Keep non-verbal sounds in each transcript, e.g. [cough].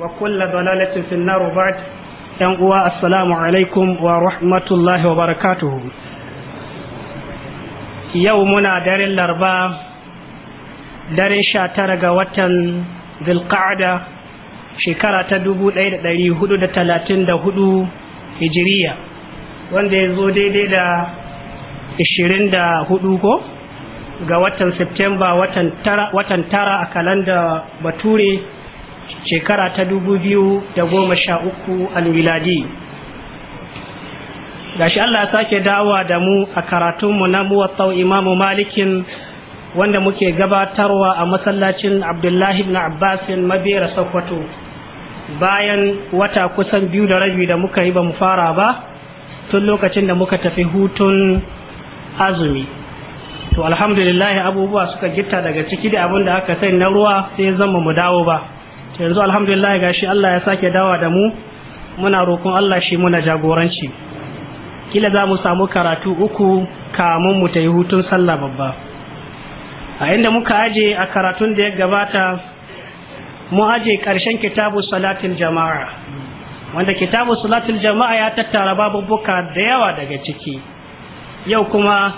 وكل ضلالة في النار بعد ينقوى السلام عليكم ورحمة الله وبركاته يومنا دار الأربعاء دار شاترق ga ذي القعدة shekara ta dubu ɗaya da ɗari hudu da talatin da hudu hijiriya wanda ya zo daidai da ishirin da hudu ko ga watan septemba watan tara a kalanda bature shekara ta dubu biyu da goma sha uku almiladi gashi Allah sake dawa da mu a karatunmu na muwattau imamu malikin wanda muke gabatarwa a masallacin abdullahi ibn abbasin mabera sokoto bayan wata kusan biyu da rabi da muka yi ba mu fara ba tun lokacin da muka tafi hutun azumi to alhamdulillah abubuwa suka gitta daga ciki da abin da aka sai na ruwa sai zama mu dawo ba yanzu alhamdulillah shi Allah ya sake dawa da mu muna roƙon Allah shi muna jagoranci kila za mu samu karatu uku kamun mu ta yi hutun sallah babba a inda muka aje a karatun da ya gabata mu aje ƙarshen kitabu salatin jama'a wanda kitabu salatin jama'a ya tattara babubuka da yawa daga ciki yau kuma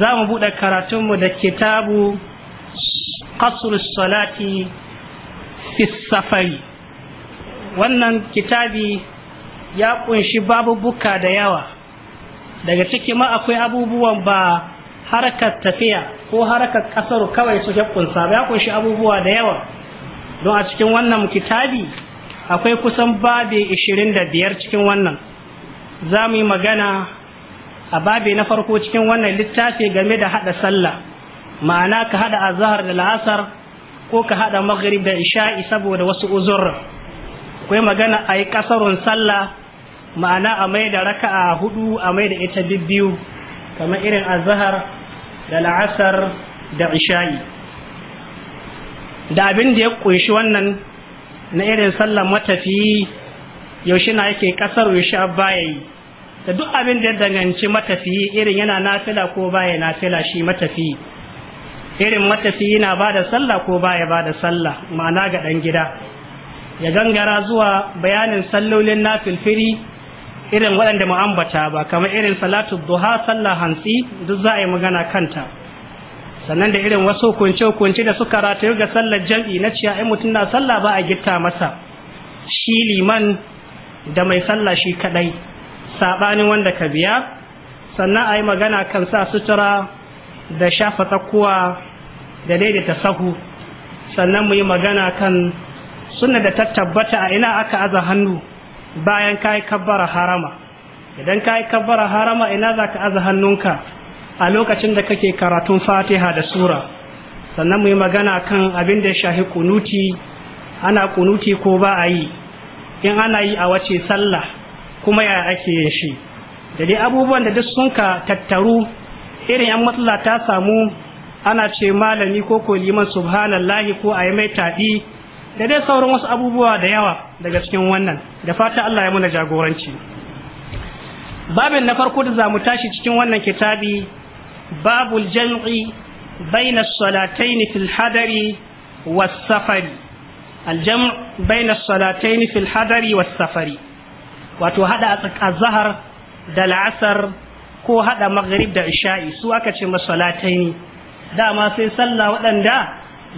za mu buɗe karatunmu da kitabu qasrus salati Fissafari, wannan kitabi ya kunshi babubuka da yawa daga ciki ma akwai abubuwan ba harkar tafiya ko harkar kasar kawai suke kunsa ba ya kunshi abubuwa da yawa don a cikin wannan kitabi akwai kusan da 25 cikin wannan za mu yi magana a babu na farko cikin wannan littafi game da hada sallah ma'ana ka hada zahar da la'asar ko ka haɗa maghrib da isha'i saboda wasu uzur akwai magana a yi ƙasarun sallah ma'ana a mai da raka'a hudu a mai da ita biyu kamar irin azhar da la'asar da isha'i da abin da ya ƙunshi wannan na irin sallar matafiyi yaushe na yake kasar yaushe baya da duk abin da ya danganci matafiyi irin yana nafila ko baya nafila shi matafiyi irin matafi yana ba da sallah ko baya ba da sallah ma'ana ga ɗan gida ya gangara zuwa bayanin sallolin na filfiri irin waɗanda mu ambata ba kamar irin salatu duha sallah hantsi duk za a yi magana kanta sannan da irin wasu hukunce hukunce da suka ratayu ga sallar jam'i na ciya ai mutum na sallah ba a gitta masa shi liman da mai sallah shi kaɗai saɓanin wanda ka biya sannan a yi magana kan sa sutura da shafa tsakuwa da daidaita sahu sannan mu yi magana kan suna da ta tabbata a ina aka aza hannu bayan ka yi kabbara harama idan ka yi kabbara harama ina za ka aza hannunka a lokacin da kake karatun fatiha da sura sannan mu yi magana kan abin da ya shahi kunuti ana kunuti ko ba a yi in ana yi a wace sallah kuma ya ake yin shi da dai abubuwan da duk sun ka tattaru irin yan matsala ta samu ana ce malami ko ko liman subhanallahi ko a yi mai taɗi da dai sauran wasu abubuwa da yawa daga cikin wannan da fata Allah ya muna jagoranci babin na farko da za mu tashi cikin wannan kitabi babul jam'i baina salataini fil hadari was safari wato baina salataini fil hadari was safari wato hada da la'asar ko hada maghrib da isha'i su aka ce masalataini dama sai sallah waɗanda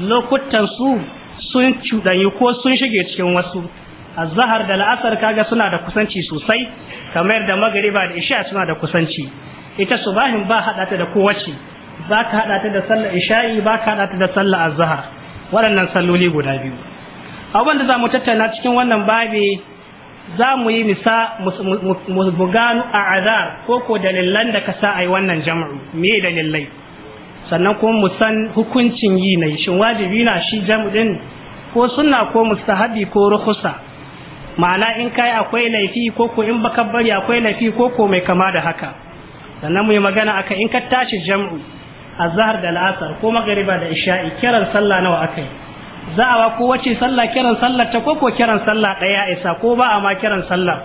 lokutan su sun cuɗanyi ko sun shige cikin wasu A zahar da la'asar kaga suna da kusanci sosai kamar da magariba da isha suna da kusanci ita subahin ba haɗa ta da kowace ba ka haɗa ta da sallar isha'i ba ka haɗa ta da sallar zahar. waɗannan salloli guda biyu abin da za mu tattauna cikin wannan babi za mu yi misa mu gano a azar ko ko dalilan da ka sa a yi wannan jam'u me dalilai sannan kuma mu san hukuncin yi na shin wajibi na shi jam'in ko sunna ko mustahabi ko rukhsa ma'ana in kai akwai laifi ko ko in baka bari akwai laifi ko ko mai kama da haka sannan mu yi magana akan in ka tashi jam'u azhar da al'asar ko magriba da isha'i kiran sallah nawa akai za'awa ko wace sallah kiran sallah ta ko ko kiran sallah daya isa ko ba a ma kiran sallah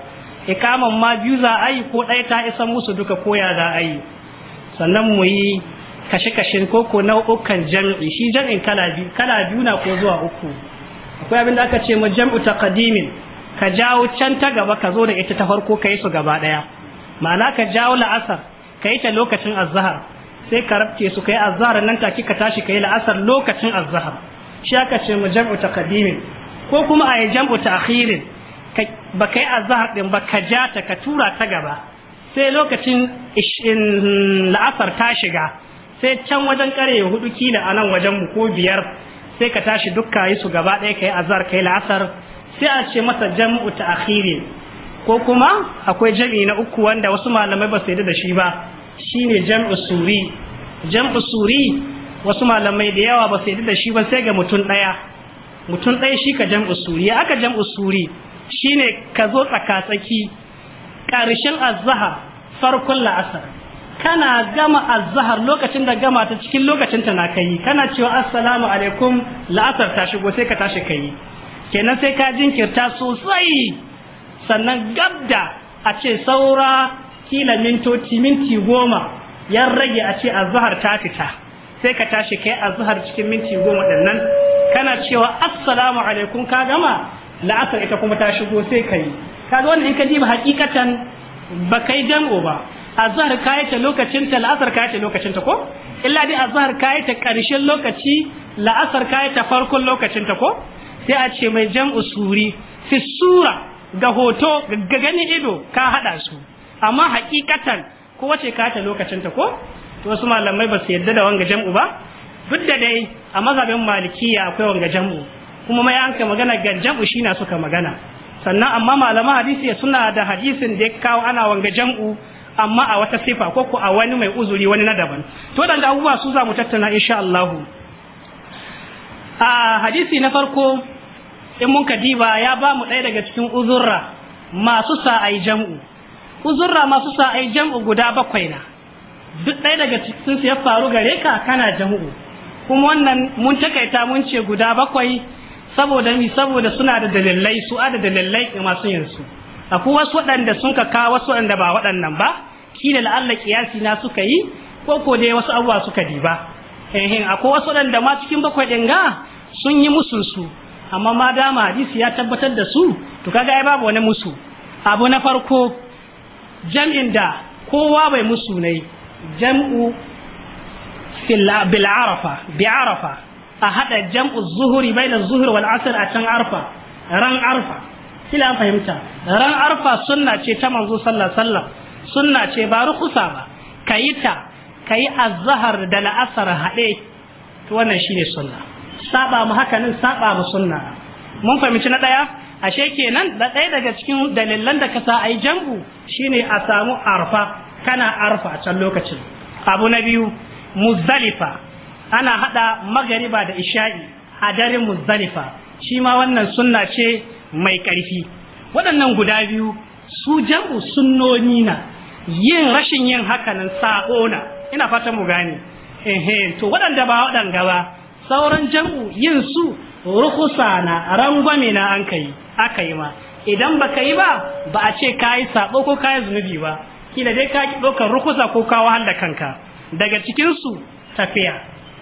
ikaman ma biyu za a yi ko ɗaya ta isa musu duka koya za a yi sannan mu yi kashe-kashen koko nau'ukan jam'i shi jam'in kala biyu kala biyu na ko zuwa uku akwai abin da aka ce ma jam'u taqdimin ka jawo can ta gaba ka zo da ita ta farko ka yi su gaba daya ma'ana ka jawo la'asar ka yi ta lokacin azhar sai ka rabke su ka yi azhar nan take ka tashi ka yi la'asar lokacin azhar shi aka ce ma jam'u taqdimin ko kuma a yi jam'u ta'khirin ba ka yi azhar din ba ka ja ta ka tura ta gaba sai lokacin la'asar ta shiga sai can wajen kare hudu kila a nan wajen ko biyar sai ka tashi dukka yi su gaba ɗaya ka yi azar ka yi la'asar sai a ce masa jam'u ta akhiri ko kuma akwai jam'i na uku wanda wasu malamai ba su yadda da shi ba shine jam'u suri jam'u suri wasu malamai da yawa ba su yadda da shi ba sai ga mutum ɗaya mutum ɗaya shi ka jam'u suri ya aka jam'u suri shine ka zo tsaka tsaki ƙarshen azzaha farkon la'asar kana gama azhar lokacin da gama ta cikin lokacin ta na kai kana cewa assalamu alaikum la'asar ta shigo sai ka tashi kai kenan sai ka jinkirta sosai sannan gabda a ce saura kila mintoci minti goma yan rage a ce azhar ta fita sai ka tashi kai azhar cikin minti goma nan kana cewa assalamu alaikum ka gama la'asar ita kuma ta shigo sai kai kaga wannan in ka ji ba hakikatan ba kai jam'o ba azhar kayi ta lokacin ta la'asar kayi ta lokacin ta ko illa dai azhar kai ta karshen lokaci la'asar kayi ta farkon lokacin ta ko sai a ce mai jam'u suri fi sura ga hoto ga ganin ido ka hada su amma hakikatan ko wace ka ta lokacin ta ko to wasu malamai ba su yadda da wanga jam'u ba duk da dai a mazhabin malikiya akwai wanga jam'u kuma mai an magana ga jam'u shi na suka magana sannan amma malaman hadisi suna da hadisin da ya kawo ana wanga jam'u amma a wata sifa ko ko a wani mai uzuri wani na daban to dan abubuwa su za mu tattauna insha Allah a hadisi na farko in mun kadiba ya ba mu ɗaya daga cikin uzurra masu sa ai jam'u uzurra masu sa ai jam'u guda bakwai na duk ɗaya daga cikin su ya faru gare ka kana jam'u kuma wannan mun takaita mun ce guda bakwai saboda mi saboda suna da dalilai su da dalilai masu yin su akwai wasu waɗanda sun ka kawo wasu waɗanda ba waɗannan ba kila la'alla kiyasi na suka yi ko ko dai wasu abuwa suka diba ehin akwai wasu da ma cikin bakwai din ga sun yi musun su amma ma ma hadisi ya tabbatar da su to kaga ai babu wani musu abu na farko jam'in da kowa bai musu ne jam'u bil arafa bi arafa a hada jam'u zuhuri bainar zuhur wal asr a can arfa ran arfa kila an fahimta ran arfa sunna ce ta manzo sallallahu alaihi wasallam sunna ce ba rukusa ba ka yi ta ka yi azahar da la'asar haɗe to wannan shi ne sunna saba mu hakanin saba mu sunna mun fahimci na ɗaya ashe kenan da ɗaya daga cikin dalilan da ka sa a yi jambu shine a samu arfa kana arfa a can lokacin abu na biyu muzalifa ana haɗa magariba da isha'i a daren muzalifa shi ma wannan sunna ce mai ƙarfi waɗannan guda biyu su jambu sunnoni na yin rashin yin hakanan sako na ina fata mu gani ehe to waɗanda ba waɗanda ba sauran jam'u yin su rukusa na rangwame na an kai aka yi ma idan ba ka yi ba ba a ce ka yi sabo ko ka yi zunubi ba kila dai ka ɗaukar rukusa ko ka wahal kanka daga cikinsu tafiya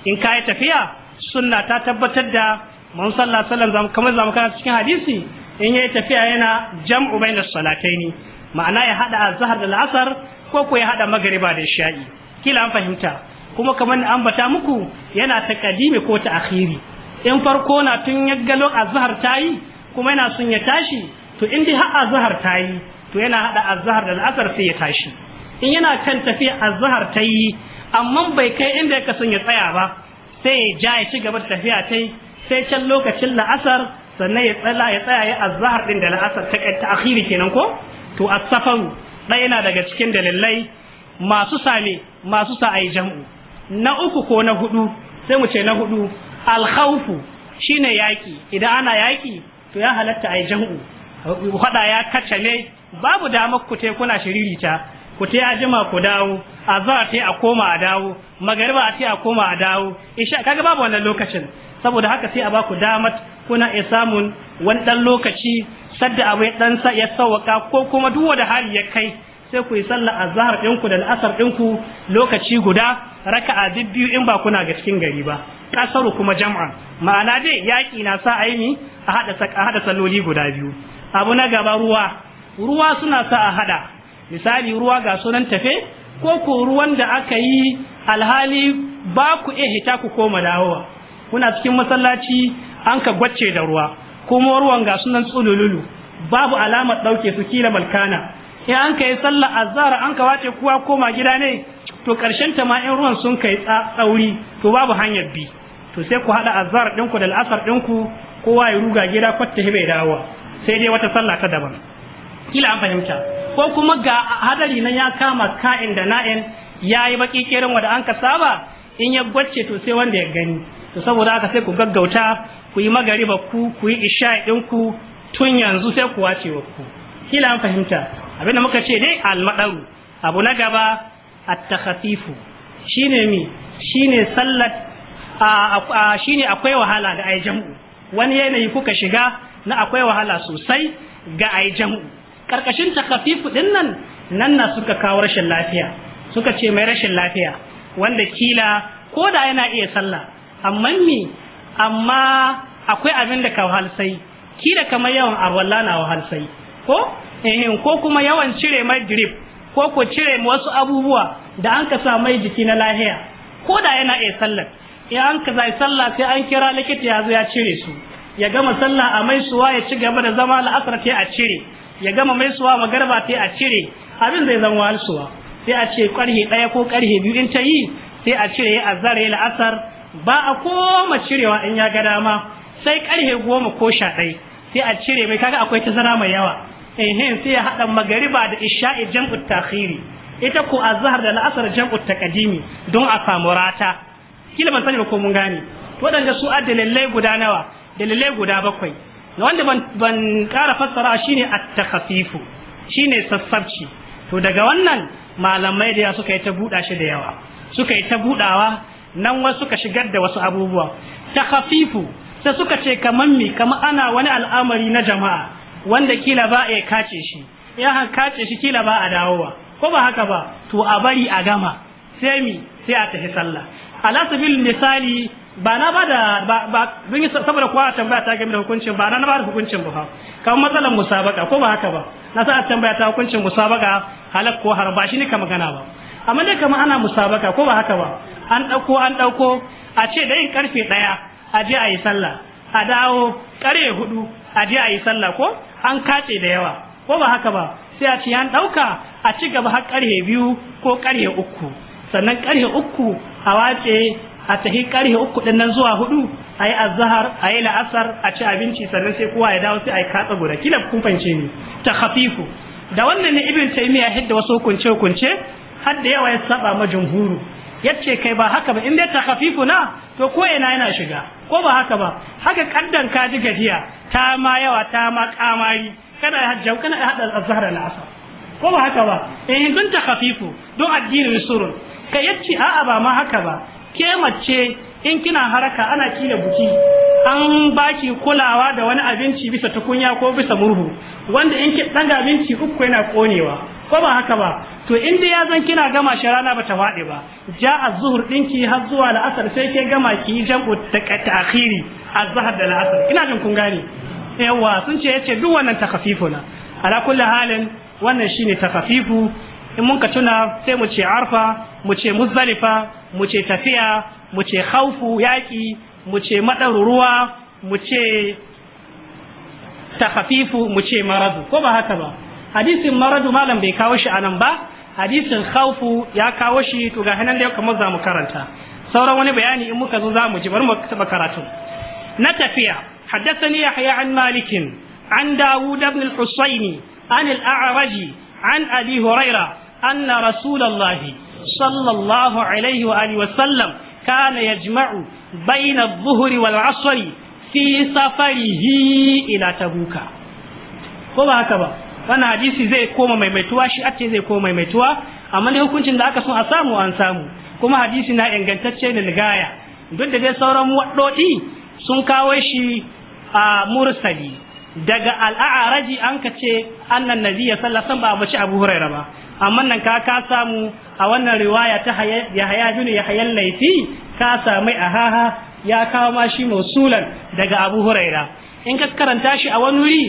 in ka yi tafiya sunna ta tabbatar da man sallah sallan kamar zamu kana cikin hadisi in yayi tafiya yana jam'u bainas salataini ma'ana ya hada azhar da la'asar ko ko ya hada magriba da isha'i kila an fahimta kuma kamar an bata muku yana ta kadimi ko ta akhiri in farko na tun yagga lok azhar tayi kuma yana sun ya tashi to in dai har azhar tayi to yana hada azhar da la'asar sai ya tashi in yana kan tafiya azhar tayi amma bai kai inda ya son ya tsaya ba sai ya ja ya ci gaba da tafiya tai sai can lokacin la'asar sannan ya tsala ya tsaya ya azhar din da la'asar ta ta akhiri kenan ko to a safaru ɗaya na daga cikin dalilai masu sami masu sa yi jam'u na uku ko na hudu sai mu ce na hudu alhaufu shi shine yaƙi idan ana yaƙi to ya halatta a yi jam'u haɗa ya kacce ne babu damar ku te kuna shiririta ku te jima ku dawo a a te a koma a dawo magariba a te a koma a dawo isha kaga babu wannan lokacin saboda haka sai a ba ku damar kuna iya samun wani dan lokaci sadda abu dan sa ya sauwaka ko kuma duk wanda hali ya kai sai ku yi sallar azhar ɗinku da al'asar ɗinku lokaci guda raka'a duk biyu in ba kuna ga cikin gari ba kasaru kuma jama'a ma'ana dai yaƙi na sa aini a hada a hada salloli guda biyu abu na gaba ruwa ruwa suna sa a haɗa. misali ruwa ga sunan tafe ko ko ruwan da aka yi alhali ba ku iya hita ku koma dawowa kuna cikin masallaci an ka gwacce da ruwa kuma ruwan ga sunan tsulululu babu alamar ɗauke su kila malkana in an kai sallar azhar an ka wace kuwa koma gida ne to karshen ta ma in ruwan sun kai tsauri to babu hanyar bi to sai ku hada azhar ku da al'asar ku kowa ya ruga gida kwatta hibe dawo sai dai wata sallah ta daban kila an fahimta ko kuma ga hadari nan ya kama ka'in da na'in ya yi baki kerin wanda an ka saba in ya gwace to sai wanda ya gani to saboda haka sai ku gaggauta ku yi magariba ku ku yi isha ku tun yanzu sai ku wace wa ku kila an fahimta abinda muka ce dai almadaru abu na gaba at-takhafifu shine mi shine sallat shine akwai wahala da ai jam'u wani yanayi kuka shiga na akwai wahala sosai ga ai jam'u karkashin takhafifu din nan nan na suka kawo rashin lafiya suka ce mai rashin lafiya wanda kila ko da yana iya sallah amma ni amma akwai abin da ka ki kila kamar yawan arwalla na wahalsai ko ehin ko kuma yawan cire mai drip ko ko cire wasu abubuwa da an ka sa mai jiki na lahiya ko da yana iya sallar in an ka zai sallah sai an kira likita ya zo ya cire su ya gama sallah a mai suwa ya ci gaba da zama la'asar ta a cire ya gama mai suwa magarba ta a cire abin zai zama wahalsuwa sai a ce karhe ɗaya ko karhe biyu in ta yi sai a cire ya zare la'asar ba a koma cirewa in ya ga dama sai karhe goma ko sha ɗai sai a cire mai kaga akwai tazara mai yawa ehe sai ya haɗa magariba da isha'i jam'u takhiri ita ko azhar da la'asar jam'ut taqdimi don a samu rata kila ban sani ba ko mun gane waɗanda su dalilai guda nawa dalilai guda bakwai wanda ban ban ƙara fassara shine at-takhfifu shine sassabci to daga wannan malamai da suka yi ta buɗa shi da yawa suka yi ta buɗawa nan wasu suka shigar da wasu abubuwa ta hafifu sai suka ce kaman mi kama ana wani al'amari na jama'a wanda kila ba a kace shi ya han kace shi kila ba a dawowa ko ba haka ba to a bari a gama sai mi sai a tafi sallah ala sabil misali ba na ba da ba don saboda kuwa a tambaya ta game da hukuncin ba na ba da hukuncin ba kamar matsalar musabaka ko ba haka ba na sa a tambaya ta hukuncin musabaka halak ko har ba shi ne ka magana ba amma dai kamar ana musabaka ko ba haka ba an ɗauko an ɗauko a ce da yin karfe ɗaya a je a yi sallah a dawo ƙarfe hudu a je a yi sallah ko an kace da yawa ko ba haka ba sai a ce an ɗauka a ci gaba har ƙarfe biyu ko ƙarfe uku sannan ƙarfe uku a wace a tafi ƙarfe uku ɗin nan zuwa hudu a yi azahar a yi la'asar a ci abinci sannan sai kowa ya dawo sai a yi katsa guda kila kun fahimce ni ta hafifu da wannan ne ibin taymiya hidda wasu hukunce hukunce har da yawa ya saba ma jumhuru yace kai ba haka ba in dai takhafifu na to ko ina yana shiga ko ba haka ba haka kaddan ka ji gajiya ta ma yawa ta ma kamari kana hajjau kana hada azhar al asr ko ba haka ba eh, in dun takhafifu don addinin surun kai yace a'a ba ma haka ba ke mace in kina haraka ana kila buki an baki kulawa da wani abinci bisa tukunya ko bisa murhu wanda in ki abinci uku yana konewa ko ba haka ba to in dai ya zan kina gama shi rana bata faɗi ba ja az-zuhr dinki har zuwa la'asar sai ke gama ki jam'u ta'khiri az-zuhr da la'asar ina jin kun gane yawa sun ce yace duk wannan takafifuna ala kulli halin wannan shine takafifu in mun ka tuna sai mu ce arfa mu ce muzdalifa mu ce tafiya mu ce khaufu yaƙi mu ce madaruruwa mu ce takhafifu mu ce maradu ko ba haka ba hadisin maradu malam bai kawo shi anan ba hadisin haufu ya kawo shi to ga hanan da kamar za mu karanta sauran wani bayani in muka zo za mu ji bari mu taɓa karatu na tafiya حدثني يحيى عن مالك عن داود بن الحصين عن الأعرج عن أبي هريرة anna rasulallahi sallallahu alaihi wa wa sallam kana yajma'u baina adh-dhuhri wal 'asri fi safarihi ila tabuka ko ba haka ba wannan hadisi zai koma maimaituwa shi ace zai koma maimaituwa amma ne hukuncin da aka so a samu an samu kuma hadisi na ingantacce da nigaya duk da dai sauran waddodi sun kawo shi a mursali daga al'araji an ka ce annan nabiya sallallahu alaihi wasallam ba a bace Abu Hurairah ba amma nan ka ka samu a wannan riwaya ta Yahya bin hayal Laifi ka samu a haha ya kawo ma shi mausulan daga Abu Huraira in ka karanta shi a wani wuri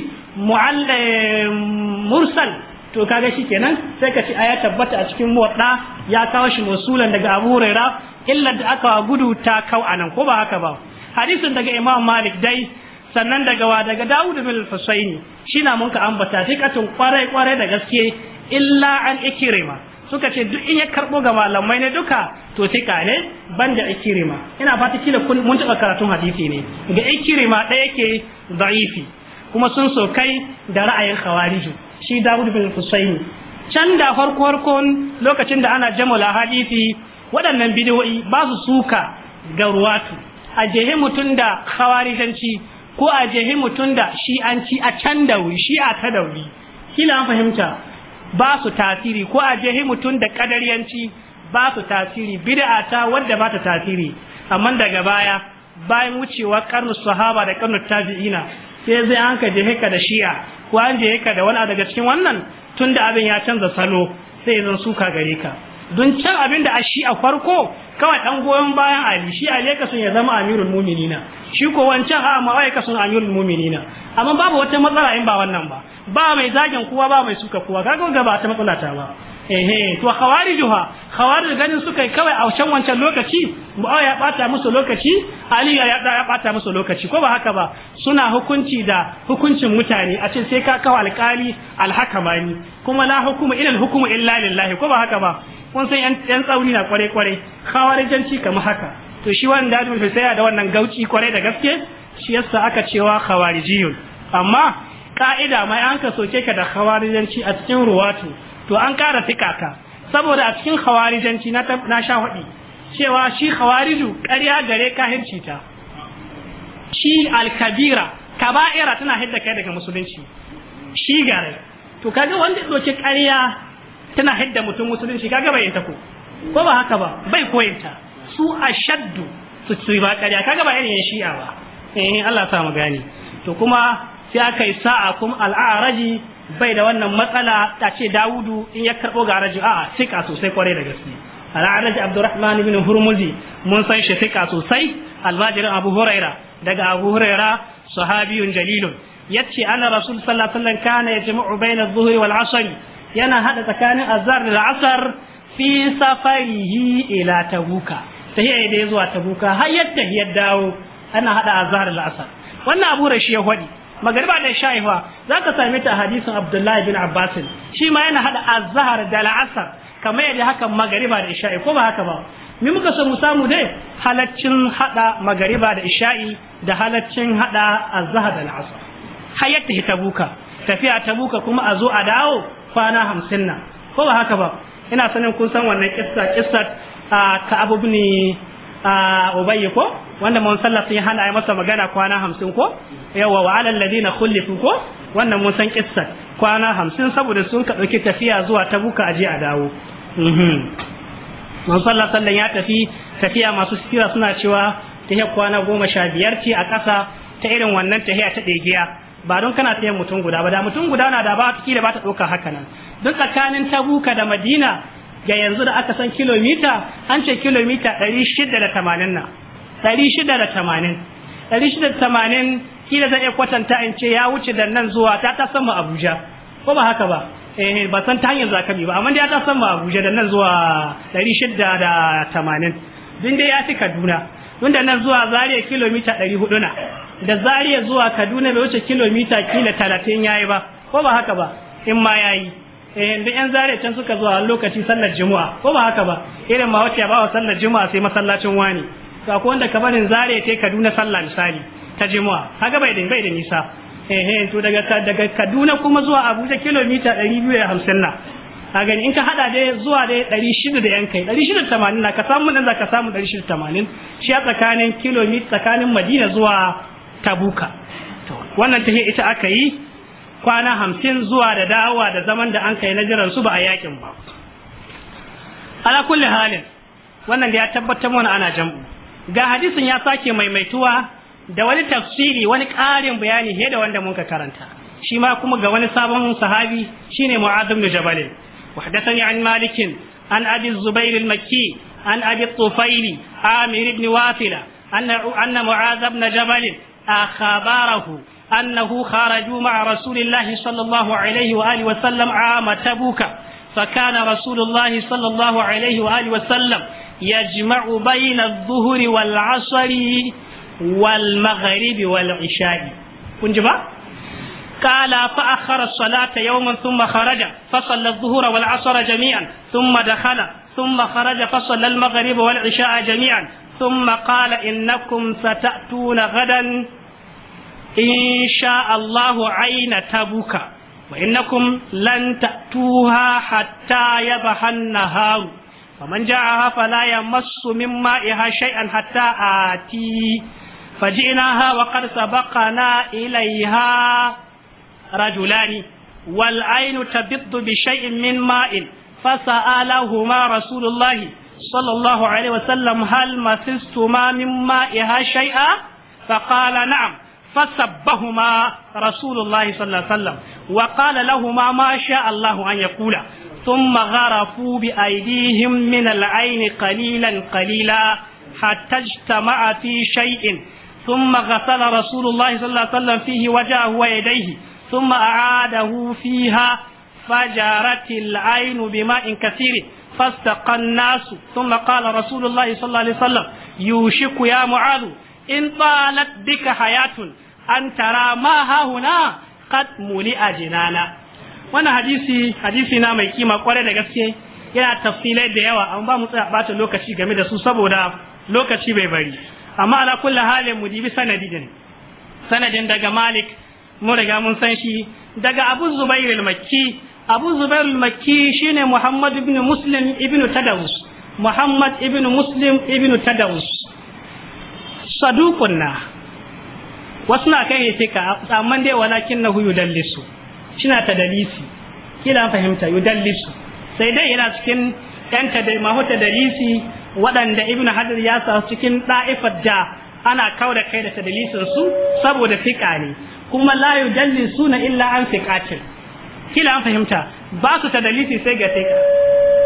eh, mursal to kaga shi kenan sai ka ci aya tabbata a cikin muwadda ya kawo shi mausulan daga Abu Huraira illa da aka gudu ta kau a nan, ko ba haka ba hadisin daga Imam Malik dai sannan daga wa daga Dawud bin Husaini shi na mun ka ambata thiqatun kwarai kwarai da gaske illa an ikirima suka ce duk in ya karɓo ga malamai ne duka to sika ne banda ikirima ina fata kila mun taba karatun hadisi ne ga ikirima ɗaya yake da'ifi kuma sun so kai da ra'ayin khawariju shi Dawud bin Husayn can da farko farkon lokacin da ana jamula hadisi waɗannan bidiyoyi ba su suka ga ruwatu a jehe mutum da khawarijanci ko a jehe mutum da shi'anci a can da wuri shi'a ta da wuri kila an fahimta ba su tasiri ko a jehi mutum da kadariyanci ba su tasiri bid'a ta wadda ba ta tasiri amma daga baya bayan wucewa karnu sahaba da karnu tabi'ina sai zai an ka jehi ka da shi'a ko an jehi ka da wani daga cikin wannan tunda abin ya canza salo sai zan suka gare ka don can abin da a shi'a farko kawai dan goyon bayan ali shi ali ka sun ya zama amirul mu'minina shi ko wancan ha ma sun amirul mu'minina amma babu wata matsala in ba wannan ba ba mai zagin kowa ba mai suka kowa kaga ga ba ta matsala ta ba eh to khawarijuha khawarij ganin suka yi kawai a wancan wancan lokaci mu'awiya ya bata musu lokaci ali ya ya bata musu lokaci ko ba haka ba suna hukunci da hukuncin mutane a ce sai ka kawo alkali alhakamani kuma la hukuma ila alhukmu illa lillahi ko ba haka ba kun san yan tsauri na kware kware khawarijanci kamar haka to shi wanda dadin sai da wannan gauci kware da gaske shi yasa aka cewa khawarijiyun amma ka'ida mai an ka soke ka da khawarijanci a cikin ruwatu to an kara tika ka saboda a cikin khawarijanci na na sha hudi cewa shi khawariju ƙarya gare ka hinci ta shi al-kabira kaba'ira tana hidda kai daga musulunci shi gare to kaga wanda doke ƙarya tana hidda mutum musulunci kaga bai ta ko ko ba haka ba bai koyinta su ashaddu su ci ba ƙarya kaga ba irin shi'a ba eh Allah ya sa mu gane to kuma sai aka yi sa'a kuma al'araji bai da wannan matsala ta ce dawudu in ya karɓo garaji a sika sosai kwarai da gaske al'araji abdurrahman ibn hurmuzi mun san shi sika sosai almajirin abu huraira daga abu huraira sahabiyun jalilun yace ana rasul sallallahu alaihi wasallam kana yajma'u bayna adh-dhuhri wal 'ashr yana hada tsakanin azhar da asar fi safarihi ila tabuka tahiyya da zuwa tabuka har yadda ya dawo ana hada azhar da asar wannan abu rashi ya hwadi magariba da sha'iwa za ka same ta hadisin abdullahi bin abbasin shi ma yana hada azhar da la'asar kamar yadda haka magariba da isha'i ko ba haka ba mi muka so mu samu dai halaccin hada magariba da isha'i da halaccin hada azhar da la'asar hayatta hita buka tafiya ta buka kuma a zo a dawo kwana hamsin nan ko ba haka ba ina sanin kun san wannan kissa kissa ka abubu ne a ubayy ko wanda mun sallah sun hana ai masa magana kwana hamsin ko yawa wa alal ladina khulifu ko wannan mun san kissa kwana hamsin saboda sun ka dauki tafiya zuwa tabuka aje a dawo mhm. mun sallah sallan ya tafi tafiya masu sira suna cewa ta tahiya kwana goma sha biyar ce a ƙasa ta irin wannan tahiya ta ɗegiya ba don kana sayan mutum guda ba da mutum guda na da ba kila ba ta ɗauka haka nan duk tsakanin tabuka da madina ga yanzu da aka san kilomita an ce kilomita 680 na 680 680 kila zan iya kwatanta in ce ya wuce da nan zuwa ta ta sama Abuja ko ba haka ba eh ba san ta hanyar zakabi ba amma dai ta sama Abuja da nan zuwa 680 din dai ya fi Kaduna tun da nan zuwa Zariya kilomita 400 na da Zariya zuwa Kaduna bai wuce kilomita kila 30 yayi ba ko ba haka ba in ma yayi eh duk yan zare can suka zuwa lokaci sallar juma'a ko ba haka ba irin ma wacce ba wa sallar juma'a sai masallacin wani to akwai wanda ka barin zare ta Kaduna sallah misali ta juma'a kaga bai da bai da nisa eh eh to daga daga Kaduna kuma zuwa Abuja kilomita 250 na a gani in ka hada da zuwa da 600 da yankai 680 na ka samu nan zaka samu 680 shi a tsakanin kilomita tsakanin Madina zuwa Tabuka to wannan tahiya ita aka yi kwana hamsin zuwa da dawowa da zaman da an kai na jiran su ba a yakin ba ala kulli halin wannan da ya tabbatar mana ana jam'u ga hadisin ya sake maimaituwa da wani tafsiri wani ƙarin bayani fiye da wanda muka karanta shi ma kuma ga wani sabon sahabi shine mu'adh ibn jabal وحدثني عن مالك عن أبي الزبير المكي an أبي Tufa'il, عامر بن Wasila, أن أن معاذ بن جبل أخبره أنه خرجوا مع رسول الله صلى الله عليه وآله وسلم عام تبوك فكان رسول الله صلى الله عليه وآله وسلم يجمع بين الظهر والعصر والمغرب والعشاء كنجبا قال فأخر الصلاة يوما ثم خرج فصلى الظهر والعصر جميعا ثم دخل ثم خرج فصلى المغرب والعشاء جميعا ثم قال إنكم ستأتون غدا insha Allahu aina buka wa innakum lan ta'tuha hatta yabhanna haru faman ja'a hafa la yamassu min ma'iha shay'an hatta ati faji'naha wa qad sabaqana ilayha rajulani wal aynu tabiddu bi shay'in min ma'in fasa'alahuma rasulullahi sallallahu alaihi wa sallam hal masistuma min ma'iha shay'a faqala na'am فسبهما رسول الله صلى الله عليه وسلم وقال لهما ما شاء الله أن يقولا ثم غرفوا بأيديهم من العين قليلا قليلا حتى اجتمع في شيء ثم غسل رسول الله صلى الله عليه وسلم فيه وجهه ويديه ثم أعاده فيها فجرت العين بماء كثير فاستقى الناس ثم قال رسول الله صلى الله عليه وسلم يوشك يا معاذ إن طالت بك حياة an tara ma hahuna muni jina na. wannan hadisi hadisi na mai kima kwarai da gaske yana tafsilai da yawa amma ba mu tsaya bata lokaci game da su saboda lokaci bai bari amma ala kulli halin mu dibi sanadin sanadin daga Malik mu riga mun san shi daga Abu Zubair al-Makki Abu Zubair al-Makki shine Muhammad ibn Muslim ibn Tadawus Muhammad ibn Muslim ibn Tadawus Sadukunna. wasu na kan yace ka amma dai walakin nahu yudallisu shina tadalisi kila fahimta yudallisu sai dai yana cikin yan ta ma hota dalisi waɗanda ibnu hajar ya sa cikin da'ifat da ana kauda kai da tadalisin su saboda fiqa ne kuma la na illa an fiqatin kila an fahimta ba su tadalisi sai ga fiqa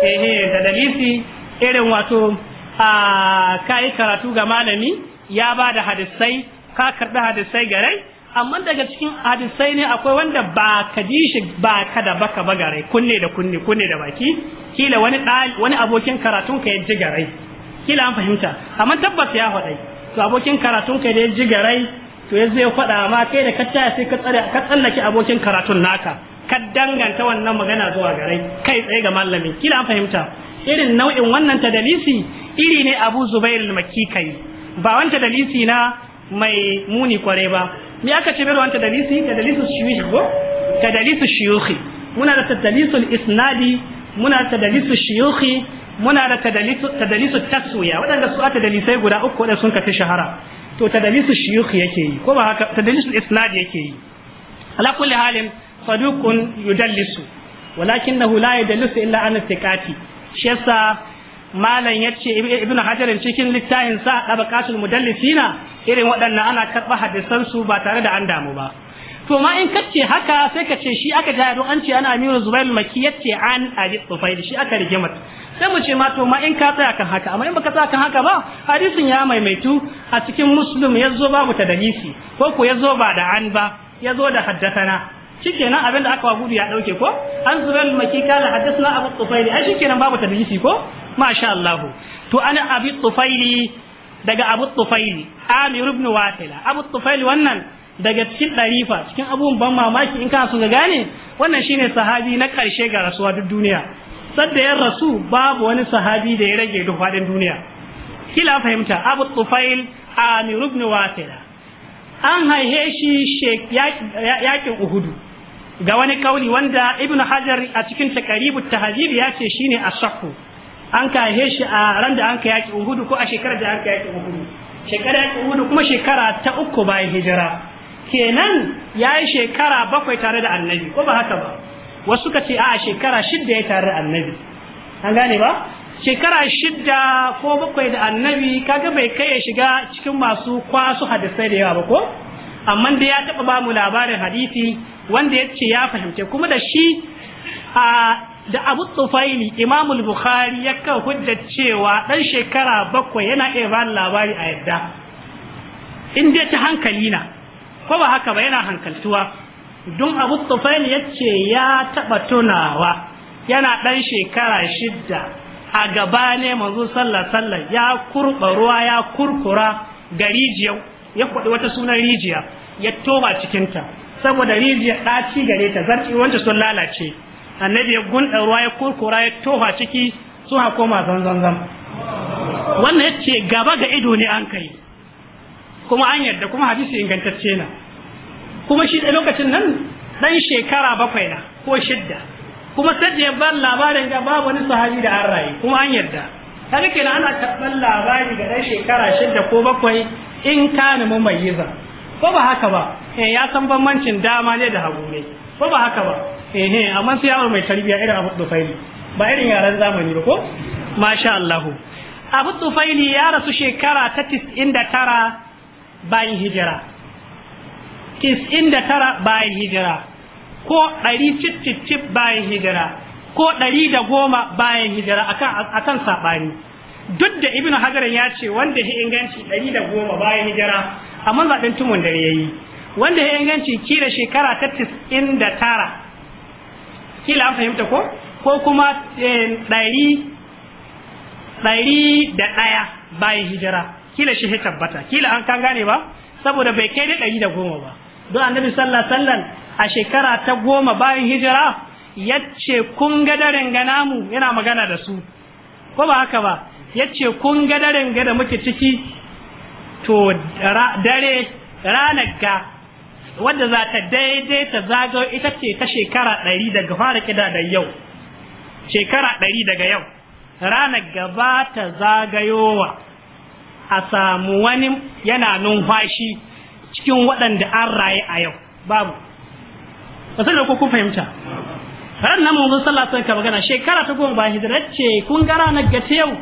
eh tadalisi irin wato a kai karatu ga malami ya ba da hadisai ka karɓi hadisai garai amma daga cikin hadisai ne akwai wanda ba ka ji shi ba ka da baka ba garai kunne da kunne kunne da baki kila wani wani abokin karatun ka ya ji garai kila an fahimta amma tabbas ya faɗai to abokin karatun ka da ya ji garai to ya zai faɗa ma kai da ka sai ka tsare ka tsallake abokin karatun naka ka danganta wannan magana zuwa garai kai tsaye ga malami kila an fahimta irin nau'in wannan tadalisi iri ne Abu Zubairu Makikai? ba wanta dalisi na mai muni kwarai ba me aka ce birwanta dalisi tadalisu shuyukhi ko tadalisu shuyukhi muna da tadalisul isnadi muna da tadalisu shuyukhi muna da tadalisu tadalisu taswiya wadanda su ata dalisai guda uku da sun kafi shahara to tadalisu shuyukhi yake yi ko ba haka tadalisul isnadi yake yi ala kulli halin saduqun yudallisu walakinahu la yadallisu illa an thiqati shi yasa malam yace ibn hajarin cikin littafin sa dabaqatul mudallisina irin waɗannan ana karɓa hadisan su ba tare da an damu ba to ma in kace haka sai ka ce shi aka ji don an ce ana amiru zubair maki yace an abi tufail shi aka mata. sai mu ce ma to ma in ka tsaya kan haka amma in baka tsaya kan haka ba hadisin ya maimaitu a cikin muslim yazo babu tadalisi ko ko yazo ba da an ba yazo da haddathana shikenan abinda aka wa gudu ya dauke ko an zubair maki kala haddathana abu tufail ai shikenan babu tadalisi ko masha Allah to ana abi tufaili daga abu tufaili amir ibn watila abu tufaili wannan daga cikin darifa cikin abun ban mamaki in kana so ga gane wannan shine sahabi na karshe ga rasuwa duk duniya sadda ya rasu babu wani sahabi da ya rage duk fadin duniya kila fahimta abu tufail amir ibn watila an haihe shi yakin uhudu ga wani kauli wanda ibn hajar a cikin taqribut tahzib ya ce shine ashahu an kahe shi a ran da an ka yaki uhudu ko a shekarar da an ka yaki uhudu shekarar yaki uhudu kuma shekara ta uku bayan hijira kenan ya yi shekara bakwai tare da annabi ko ba haka ba wasu ka ce a shekara shidda ya tare da annabi an gane ba shekara shidda ko bakwai da annabi kaga bai kai ya shiga cikin masu kwasu hadisai da yawa ba ko amma da ya taɓa ba mu labarin hadisi wanda ya ce ya fahimce kuma da shi a da abu tufaili imamul bukhari ya kan hujja cewa dan shekara bakwai yana iya ba labari a yadda in dai ta hankali na ko ba haka ba yana hankaltuwa don abu tufaili ya ce ya taba tunawa yana dan shekara shidda a gaba ne manzo sallah sallah ya kurba ruwa ya kurkura ga rijiyar ya kwaɗi wata sunan rijiya ya toba cikinta saboda rijiyar ɗaci gare ta zarci sun lalace annabi ya gunda ruwa ya kurkura ya tofa ciki suna koma zanzanzan wannan ya ce gaba ga ido ne an kai kuma an yadda kuma hadisi ingantacce na kuma shi da lokacin nan dan shekara bakwai na ko shidda kuma sai ya bar labarin ga babu wani sahabi da an rayu kuma an yarda kaga kenan ana karban labari ga dan shekara shidda ko bakwai in kana mumayyiza ko ba haka ba eh ya san bambancin dama ne da hagu ne ko ba haka ba eh amma sai yawa mai tarbiya irin abu dufaili ba irin yaran zamani ba ko masha Allah abu dufaili ya rasu shekara ta 99 bayan hijira 99 bayan hijira ko 100 bayan hijira ko 110 bayan hijira akan akan sabani duk da ibnu hajar ya ce wanda shi inganci 110 bayan hijira amma zaben tumun dare yayi wanda ya inganci kila shekara ta tis'in da tara kila an fahimta ko ko kuma eh, ɗari ɗari da ɗaya bayan hijira kila shi tabbata kila an kan gane ba saboda bai kai da ɗari da goma ba don annabi sallah sallan a shekara ta goma bayan hijira ya ce kun ga daren ga namu yana magana da su ko ba haka ba ya ce kun ga daren ga da muke ciki to dare ranar ga wadda za ta daidaita zagayo ita ce ta shekara ɗari daga fara kida da yau shekara ɗari daga yau ranar gaba ta zagayowa a samu wani yana numfashi cikin waɗanda an raye a yau babu wasu da kuku fahimta ran na mun sallah sun ka magana shekara ta goma ba hijirar kun gara na gata yau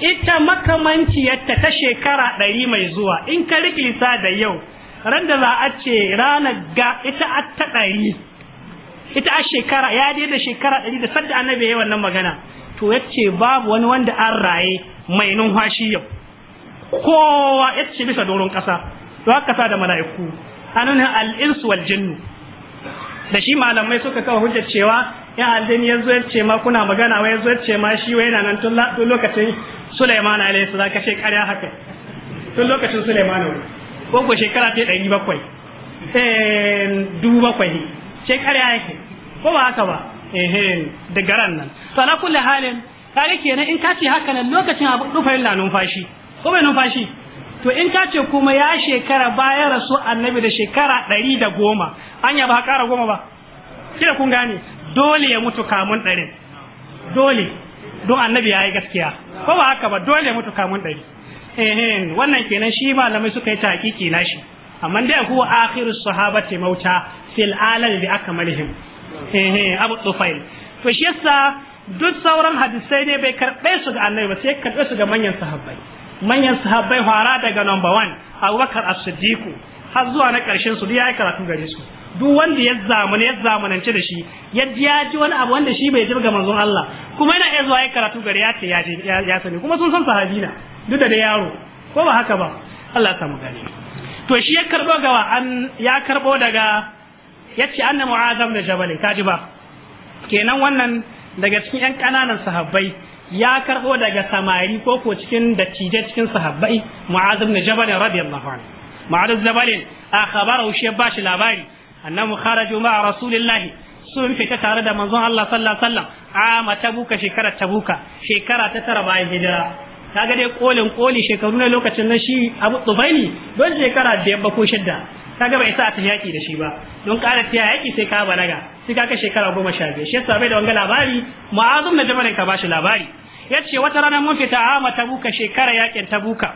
ita makamanciyarta ta shekara ɗari mai zuwa in ka rikilisa da yau ran da za a ce ranar ga ita a ta ɗari ita a shekara ya dai da shekara ɗari da sadda annabi ya yi wannan magana to ya ce babu wani wanda an raye mai numfashi yau kowa ya ce bisa doron ƙasa to haka sa da mala'iku anunin al'insu wal jinnu da shi malamai suka kawo hujjar cewa ya aljini ya zo ya ce ma kuna magana wai ya zo ya ce ma shi wai yana nan tun lokacin Sulaiman alaihi salam kace ƙarya haka tun lokacin Sulaiman alaihi ko ko shekara ta ɗari bakwai ehm, dubu bakwai shekara yake ko ba haka ba da garan nan to ala kulle halin kare kenan in ka ce haka nan lokacin abu dufarin la numfashi ko bai numfashi to in ka ce kuma ya shekara bayan rasu annabi da shekara ɗari da goma an ya ba ƙara goma ba kira kun gane dole ya mutu kamun ɗari dole don annabi ya yi gaskiya ko ba haka ba dole ya mutu kamun ɗari ehin wannan kenan shi malamai suka yi tahqiqi na shi amma dai huwa akhirus sahabati mauta fil alal bi akmalihim ehin abu tufail to shi yasa duk sauran hadisai ne bai karbe su ga annabi ba sai karbe su ga manyan sahabbai manyan sahabbai fara daga number 1 Abubakar As-Siddiq har zuwa na karshen su ya karatu gare su duk wanda ya zamana ya zamanance da shi yadda ya ji wani abu wanda shi bai ji ga manzon Allah kuma yana iya zuwa ya karatu gare ya ce ya sani kuma sun san sahabina duk da da yaro ko ba haka ba Allah samu gani to shi ya karbo gawa an ya karbo daga yace anna mu'azam da jabal kaji ba kenan wannan daga cikin yan kananan sahabbai ya karbo daga samari ko ko cikin dattijai cikin sahabbai mu'azam da jabal radiyallahu anhu mu'azam jabal akhbarahu shi ba shi labari annahu kharaju ma'a rasulillahi sun fita tare da manzon Allah sallallahu alaihi wasallam a matabuka shekara tabuka shekara ta tara bayan hijira kaga dai kolin koli shekaru na lokacin na shi abu tufaili don shekara biyar ba ko shidda kaga bai sa ta yaki da shi ba don kara ta yaki sai ka balaga sai kaga shekara goma sha biyar shi yasa bai da wanga labari mu'azum na ne ka bashi labari yace wata rana mun fita a ama tabuka shekara yakin tabuka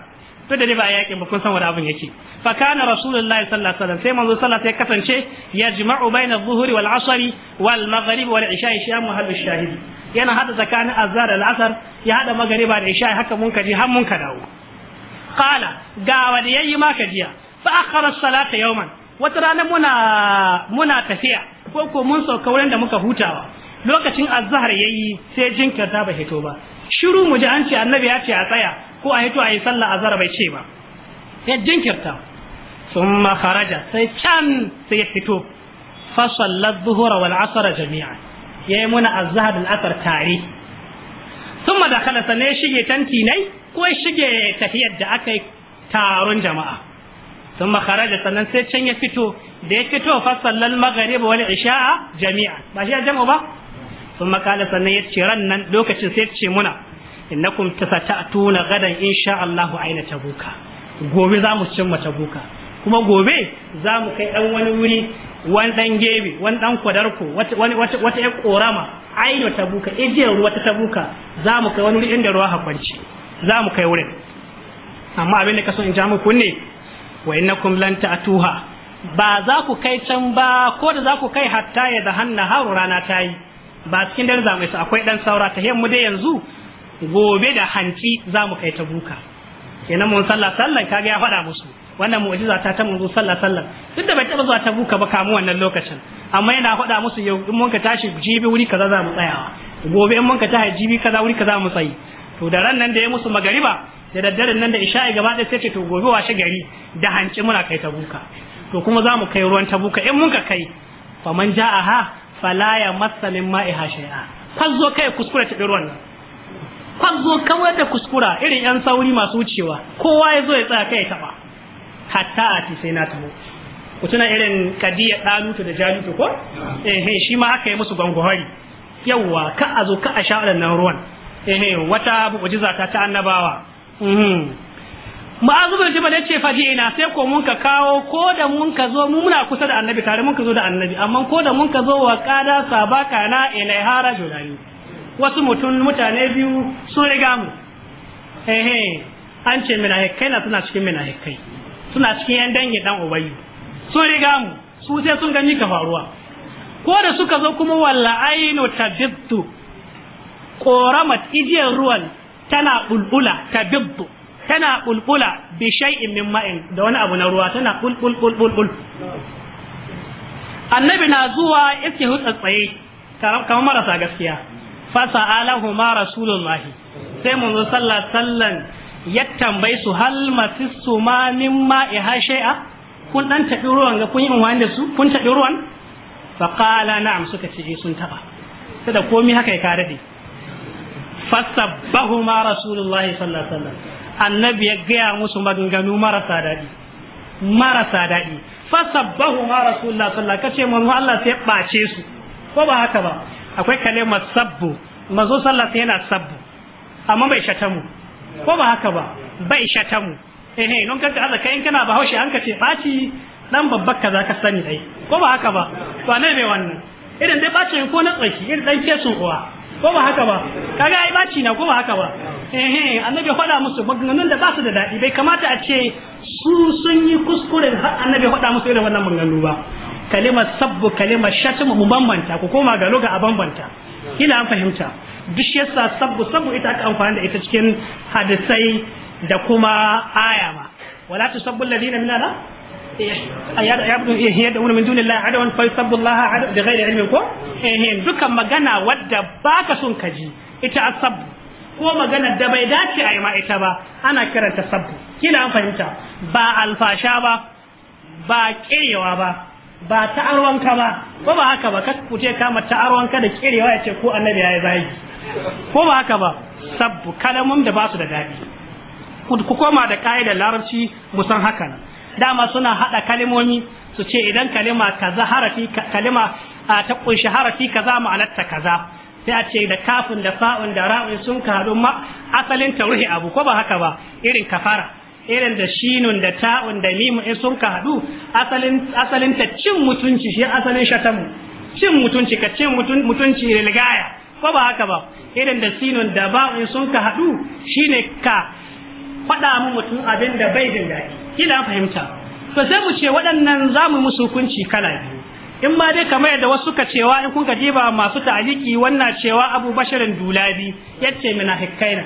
to da dai ba yakin ba kun san wani abin yake fa kana rasulullahi sallallahu alaihi wasallam sai manzo sallallahu alaihi kasance kasance yajma'u baina adh-dhuhri wal 'ashri wal maghrib wal 'isha'i shi'a mahallu shahidi yana hada tsakanin azhar da asar ya hada magriba da isha'i haka mun kaji har mun ka dawo qala ga wani yayi ma kajiya fa akhara as-salata yawman wata rana muna muna tafiya ko ko mun sauka wurin da muka hutawa lokacin azhar yayi sai jinkirta ba hito ba shiru mu ji an ce annabi ya ce a tsaya ko a hito a yi sallah azhar bai ce ba ya jinkirta Sun kharaja sai can sai ya fito fasallar zuhura dhuhra wal jami'a ya yayi muna azhar al asr tare summa dakhala sanai shige tanti nai ko shige tafiyar da aka yi taron jama'a sun makaraja sannan sai can ya fito da ya fito fasallar magharib wal isha'a jami'a ba shi jam'u ba sun makala sannan ya ce ran nan lokacin sai ce muna innakum tasata'tuna gadan insha Allah aina tabuka gobe za mu cimma tabuka kuma gobe za mu kai dan wani wuri wani dan gebe wani dan kwadarko wani wata ya korama aina tabuka ijiyar ruwa ta tabuka za mu kai wani wuri inda ruwa hakwarci za mu kai wurin amma abin da ka in ja muku ne wa innakum lan ta'tuha ba za ku kai can ba ko da za ku kai hatta ya da hanna haru rana ta yi ba cikin dare za mu isa akwai dan saura ta mu dai yanzu gobe da hanci za mu kai ta buka kenan mun sallah sallan kaga ya fada musu wannan mu'jiza ta ta manzo sallah sallan duk da bai taɓa zuwa ta buka ba kamu wannan lokacin amma yana fada musu yau in mun ka tashi jibi wuri kaza za mu tsayawa gobe in mun ka tashi jibi kaza wuri kaza mu tsayi to da ran nan da ya musu magariba da daddaren nan da isha'i gaba ɗaya sai ce to gobe washe gari da hanci muna kai ta buka to kuma za mu kai ruwan ta buka in mun ka kai man ja'aha fala ya masalin ma'iha shay'a zo kai kuskure ta ruwan nan kwan zo kawar da kuskura irin yan sauri masu wucewa kowa ya zo ya tsaya kai taba hatta a ce sai na taho ku tuna irin kadiyar ɗalutu da jalutu ko eh shi ma aka yi musu gwangwari yawwa ka a zo ka a sha waɗannan ruwan eh wata mu'jiza ta ta annabawa mhm. ma'azu bin da ce faji ina sai ko mun ka kawo ko da mun ka zo mu muna kusa da annabi tare mun ka zo da annabi amma ko da mun ka zo wa qada sabaka na ilaiha rajulani wasu mutum mutane biyu sun riga mu ehe an ce minahikai na suna cikin minahikai suna cikin yan dangi dan ubayu sun riga mu su sai sun gani ka faruwa ko da suka zo kuma walla ainu tabibtu koramat ijiyar ruwan tana bulbula tabibtu tana bulbula bi shay'in min ma'in da wani abu na ruwa tana bulbul bulbul annabi na zuwa yake hutsa tsaye kamar marasa gaskiya rasulun rasulullahi sai mun sallah sallan ya tambayi su hal matissu ma min mimma iha shay'a kun dan tabi ruwan ga kun yi wani da su kun tabi ruwan fa qala na'am suka ce eh, sun taba sai da komai haka ya kare dai ma rasulullahi sallallahu alaihi wasallam annabi ya gaya musu maganganu marasa daɗi marasa daɗi fasabbahu ma rasulullahi sallallahu kace mun Allah sai bace su ko ba haka ba akwai kalimar sabbu mazo sallah yana sabbu amma bai shatamu ko ba haka ba bai shatamu eh eh non kanka azaka in kana bahaushe an kace baci dan babbar kaza ka sani dai ko ba haka ba to anai mai wannan irin dai baci ko na tsaki irin dan kesun uwa ko ba haka ba kaga ai baci na ko ba haka ba eh eh annabi faɗa musu maganganun da ba su da daɗi bai kamata a ce su sun yi kuskuren annabi faɗa musu irin wannan maganganu ba kalimar sabbu kalimar shatim mu bambanta ku koma ga luga a bambanta kila an fahimta duk yasa sabbu sabbu ita aka amfani da ita cikin hadisai da kuma aya ma wala tusabbu alladhina min ala yad'una min dunillahi adawan fa sabbu allaha adaw bi ghairi ilmin ko eh, eh dukan magana wadda baka son kaji ita sabbu. ko magana da bai dace a yi ma ita ba ana kiranta sabbu kila an fahimta ba alfasha ba ba kirewa ba ba ta arwanka ba ko ba haka ba ka kuce kama ta arwanka da kirewa ya ce ko annabi ya yi bayi? ko ba haka ba sabbu kalamun da ba su da daɗi ku koma da ka'ida larabci musan haka nan dama suna haɗa kalimomi su ce idan kalima kaza harafi kalima ta kunshi harafi kaza ma'anar ta kaza sai a ce da kafin da fa'un da ra'un sun karu ma asalin ta abu ko ba haka ba irin kafara irin da shinun da ta'un da mimu in sun ka haɗu asalin ta cin mutunci shi asalin shatamu cin mutunci ka cin mutunci rilgaya ko ba haka ba irin da sinun da ba in sun ka haɗu shine ka faɗa mu mutum abin da bai jin daɗi kila fahimta to sai mu ce waɗannan za mu musu hukunci kala biyu in ma dai kamar yadda wasu ka cewa in kun ka diba masu ta'aliki wannan cewa abu basharin dulabi yace mina hikkaina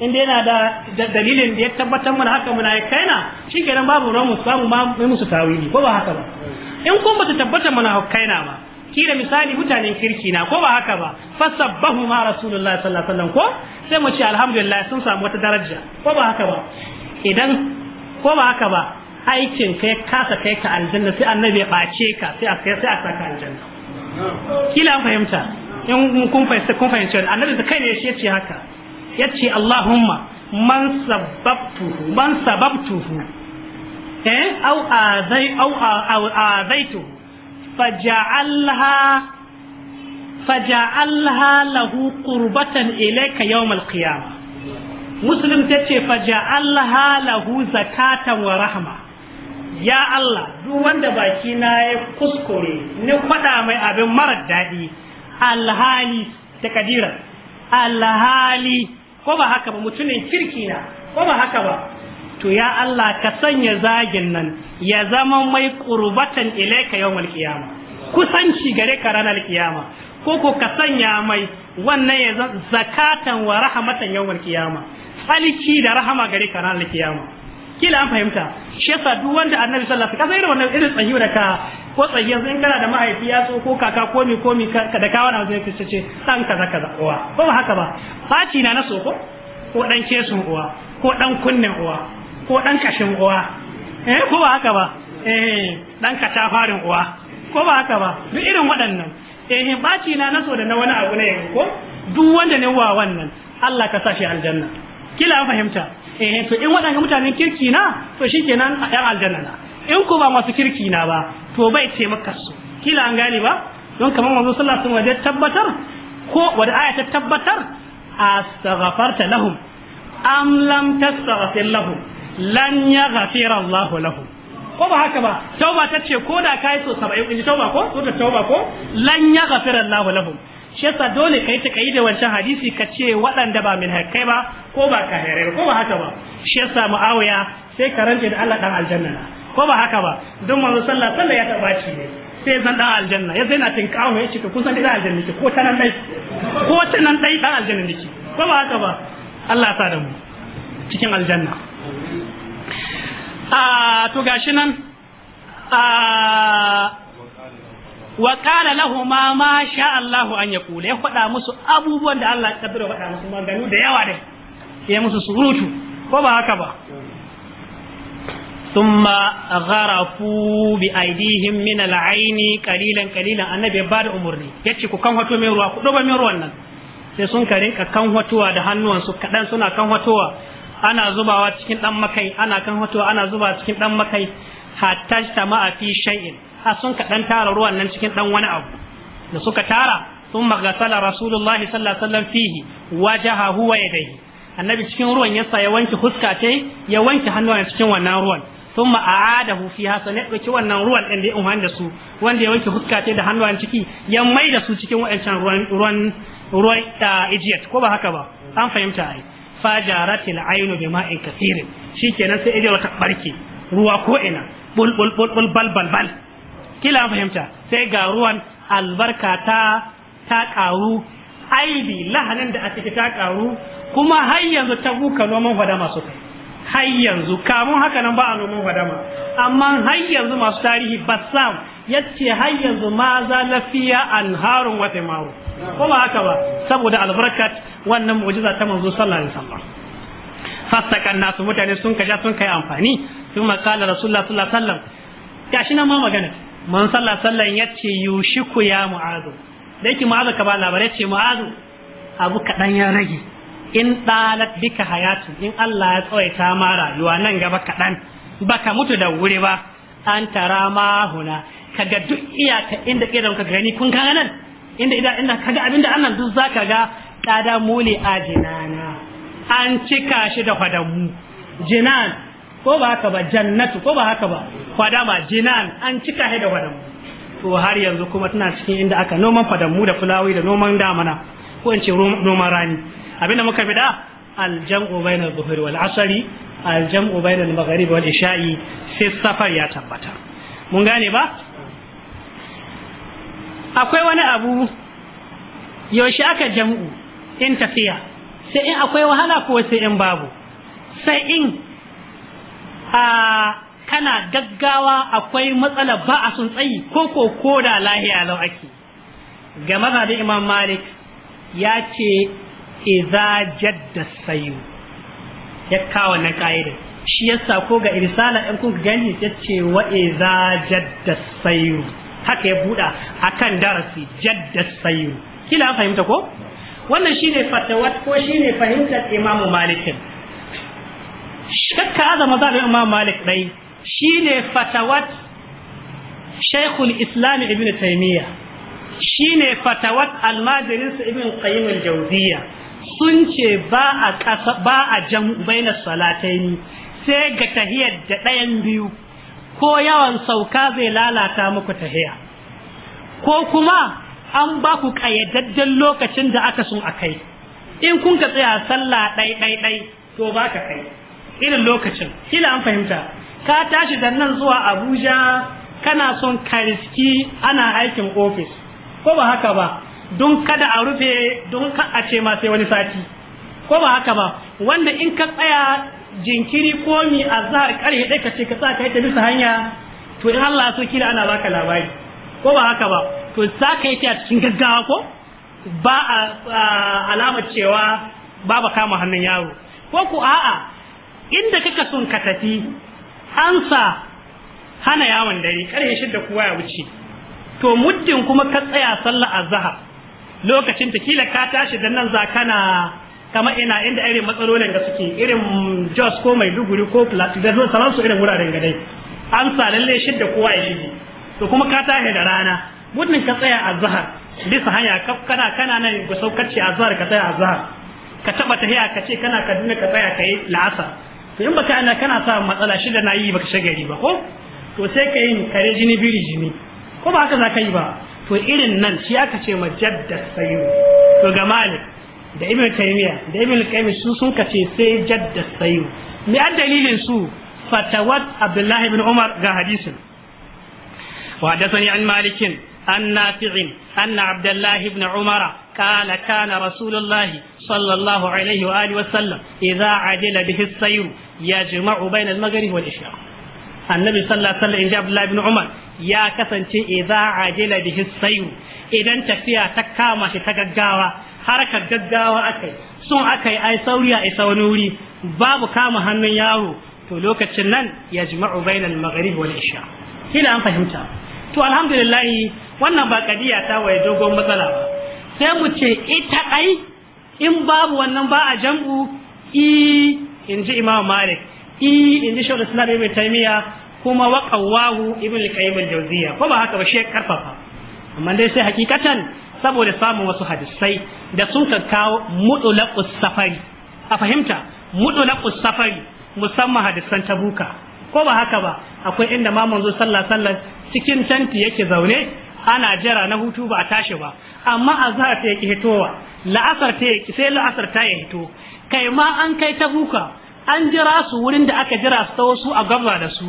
in dai yana da dalilin da ya tabbatar mana haka muna ya kaina shi kenan babu ruwan musu samu ma mai musu tawili ko ba haka ba in kun bata tabbatar mana kaina ba kira misali mutanen kirki na ko ba haka ba fasabbahu ma rasulullahi sallallahu alaihi wasallam ko sai mu ce alhamdulillah sun samu wata daraja ko ba haka ba idan ko ba haka ba aikin kai kasa kai ka aljanna sai annabi ya bace ka sai a kai sai a saka aljanna kila an fahimta in kun fahimta kun fahimta annabi kai ne shi ya ce haka yace Allahumma man sababtuhu man sababtuhu eh au azai au azaitu faja'alha faja'alha lahu qurbatan ilayka yawm al-qiyamah muslim tace faja'alha lahu zakatan wa rahma ya Allah duk wanda baki na ya kuskure ni kwaɗa mai abin marar daɗi alhali takadira alhali ko ba haka ba mutumin kirki na ko ba haka ba to ya Allah ka sanya zagin nan ya zama mai qurbatan ilayka yawmal qiyama kusanci gare ka ranar kiyama ko ko ka sanya mai wannan ya zakatan wa rahmatan yawmal qiyama tsalki da rahama gare ka ranar kiyama kila an fahimta shi yasa duk wanda annabi sallallahu alaihi wasallam kasa irin wannan irin tsayi da ka ko tsayi yanzu in kana da mahaifi ya so ko kaka ko mi ko mi ka da kawana zai fice ce san kaza kaza uwa ko ba haka ba faci na na so ko dan kesun uwa ko dan kunnen uwa ko dan kashin uwa eh ko ba haka ba eh dan katafarin uwa ko ba haka ba duk irin waɗannan eh baci na na so da na wani abu ne ko duk wanda ne wa wannan Allah ka sa shi aljanna kila an fahimta eh to in waɗannan mutanen kirki na to shikenan a ɗan aljanna na in ko ba masu kirki na ba to bai ce maka su kila an gane ba don kamar manzo sallallahu alaihi wasallam tabbatar ko wada aya ta tabbatar astaghfarta lahum am lam tastaghfir lahum lan yaghfir Allahu lahum ko ba haka ba tauba ta ce ko da kai so 70 in ji tauba ko so ta tauba ko lan yaghfir Allahu lahum shi yasa dole kai ta kai da wancan hadisi ka ce waɗanda ba min hakkai ba ko ba ka hare ko ba haka ba shi yasa muawiya sai ka rance da Allah dan aljanna ko ba haka ba don manzo sallallahu alaihi ya taba ci ne sai zan dan aljanna ya zaina tin kawo ya ce to kun san dan aljanna ko ta nan dai ko ta nan dai dan aljanna ki ko ba haka ba Allah ya sa da mu cikin aljanna a ah, to gashi nan a ah, wa qala lahu ma sha Allahu an ya kula ya faɗa musu abubuwan da Allah ya kaddara faɗa musu maganu da yawa dai ya musu surutu ko ba haka ba thumma gharafu bi aidihim min al-aini qalilan qalilan annabi ba da umurni yace ku kan hoto mai ruwa ku doba mai ruwan nan sai sun kare ka kan hotowa da hannuwansu kadan suna kan hotowa ana zubawa cikin dan makai ana kan hotowa ana zubawa cikin dan makai hatta tama'a fi shay'in har sun ka dan tara ruwan nan cikin dan wani abu da suka tara sun magasala rasulullahi sallallahu alaihi wasallam fihi wajaha huwa yadayhi annabi cikin ruwan ya sa ya wanke huska ya wanke a cikin wannan ruwan sun ma'adahu fi hasa ne ɗauki wannan ruwan ɗin da ya umarni da su wanda ya wanke huska da da hannuwan ciki ya mai da su cikin waɗancan ruwan ruwan ruwan ijiyat ko ba haka ba an fahimta ai fajaratil aynu bima'in kathirin shikenan sai ijiyar ta ɓarke ruwa ko'ina ina bul kila fahimta sai ga ruwan albarka ta ta karu aibi lahanin da a ciki ta karu kuma har yanzu ta buka noman fadama su kai har yanzu kamun haka nan ba a noman fadama amma har yanzu masu tarihi bassam ya ce har yanzu ma za lafiya an harun wata maru Kuma haka ba saboda albarkat wannan mu'jiza ta manzo sallallahu alaihi wasallam fastakan nasu mutane sun kaja sun kai amfani sun makala rasulullah sallallahu alaihi wasallam gashi nan ma magana man sallah sallan yace yushiku ya mu'adu da yake mu'adu ka ba labarai ce mu'adu abu kaɗan ya rage in ɗalat bika hayatu in Allah ya tsawaita ma rayuwa nan gaba kaɗan baka mutu da wuri ba an tara ma huna kaga duk iyaka inda idan ka gani kun kaga nan inda idan inda kaga abinda annan duk zaka ga kada mule a jinana an cika shi da fadamu jinan ko ba haka ba jannatu ko ba haka ba fadama jinan an cika shi da fadamu to har yanzu kuma tana cikin inda aka noman fadamu da fulawi da noman damana ko in ce noman rani abinda muka fi da aljam'u bainal dhuhri wal asri aljam'u bainal maghrib wal isha'i sai safar ya tabbata mun gane ba akwai wani abu yaushe aka jam'u in tafiya sai in akwai wahala ko sai in babu sai in a kana gaggawa akwai matsala ba a sun tsayi ko ko koda lahiya lau ake game da imam malik ya ce iza jadda sayu ya kawo na ka'ida shi sa ko ga irisala ɗan kun gani ya ce wa iza jadda sayu haka ya buɗa akan darasi jadda sayu kila an fahimta ko wannan ne fatawat ko ne fahimtar imamu malikin shakka da zaɓin imam malik ɗai shine fatawat shaikhul islam ibn taimiyya shine fatawat almajirinsa ibn qayyim al jawziya sun ce ba a ƙasa ba a jam'u baina sai ga tahiyar da ɗayan biyu ko yawan sauka zai lalata muku tahiya ko kuma an ba ku ƙayyadadden lokacin da aka sun a kai in kun ka tsaya sallah ɗai ɗai ɗai to ba ka kai irin lokacin kila an fahimta ka tashi da nan zuwa abuja kana son kariski ana aikin ofis ko ba haka ba don kada a rufe don ka a ce ma sai wani sati ko ba haka ba wanda in ka tsaya jinkiri ko mi a zahar karhe ɗai ka ce ka sa ka yi ta bisa hanya to in Allah so kila ana baka labari ko ba haka ba to za ka yi cikin gaggawa ko ba a alamar cewa ba ba kama hannun yaro ko ku a'a inda kaka son ka tafi ansa hana yawon dare karhe shidda kowa ya wuce to muddin kuma ka tsaya sallah azhar lokacin ta kila ka tashi dan nan za kana kama ina inda irin matsalolin da suke irin Jos ko mai duguri ko Plateau da sauran su irin wuraren gadai an sa lalle shidda kowa ya shige to kuma ka tashi da rana muddin ka tsaya azhar bisa hanya kana kana nan ga ci azhar ka tsaya azhar ka taba tahiya ka ce kana Kaduna ka tsaya kai la'asa to in baka ana kana sa matsala shida na yi baka gari ba ko to sai ka yi kare jini biri jini ko ba haka za ka yi ba to irin nan shi aka ce majaddad sayu to ga malik da ibn taymiya da ibn qayyim su sun kace sai jadda sayu me dalilin su fatawat abdullah ibn umar ga hadisin wa hadathani an malikin an nafi'in anna abdullah ibn umara قال كان رسول الله صلى الله عليه وآله وسلم إذا به السير ya jima'u bainal maghrib wal isha annabi sallallahu alaihi wasallam abdullah ibn umar ya kasance idza ajila bihi sayu idan tafiya ta kama shi ta gaggawa harkar gaggawa akai sun akai ai sauri ai wani wuri babu kama hannun yaro to lokacin nan ya jima'u bainal maghrib wal isha kila an fahimta to alhamdulillah wannan ba kadiya ta waye dogon matsala ba sai mu ce ita ai in babu wannan ba a jam'u i in ji imam malik i in ji shawar islam ibn taimiya kuma wa qawwahu ibn al-qayyim al-jawziya ko ba haka ba shi karfafa amma dai sai hakikatan saboda samun wasu hadisai da sun ka kawo mudulaqus safari a fahimta mudulaqus safari musamman hadisan tabuka ko ba haka ba akwai inda ma manzo sallah sallah cikin tanti yake zaune ana jira na hutu ba a tashi ba amma azhar ta yake hitowa la'asar ta yake sai la'asar ta yake hito kai ma an kai ta buka an jira su wurin da aka jira su ta wasu a gabza da su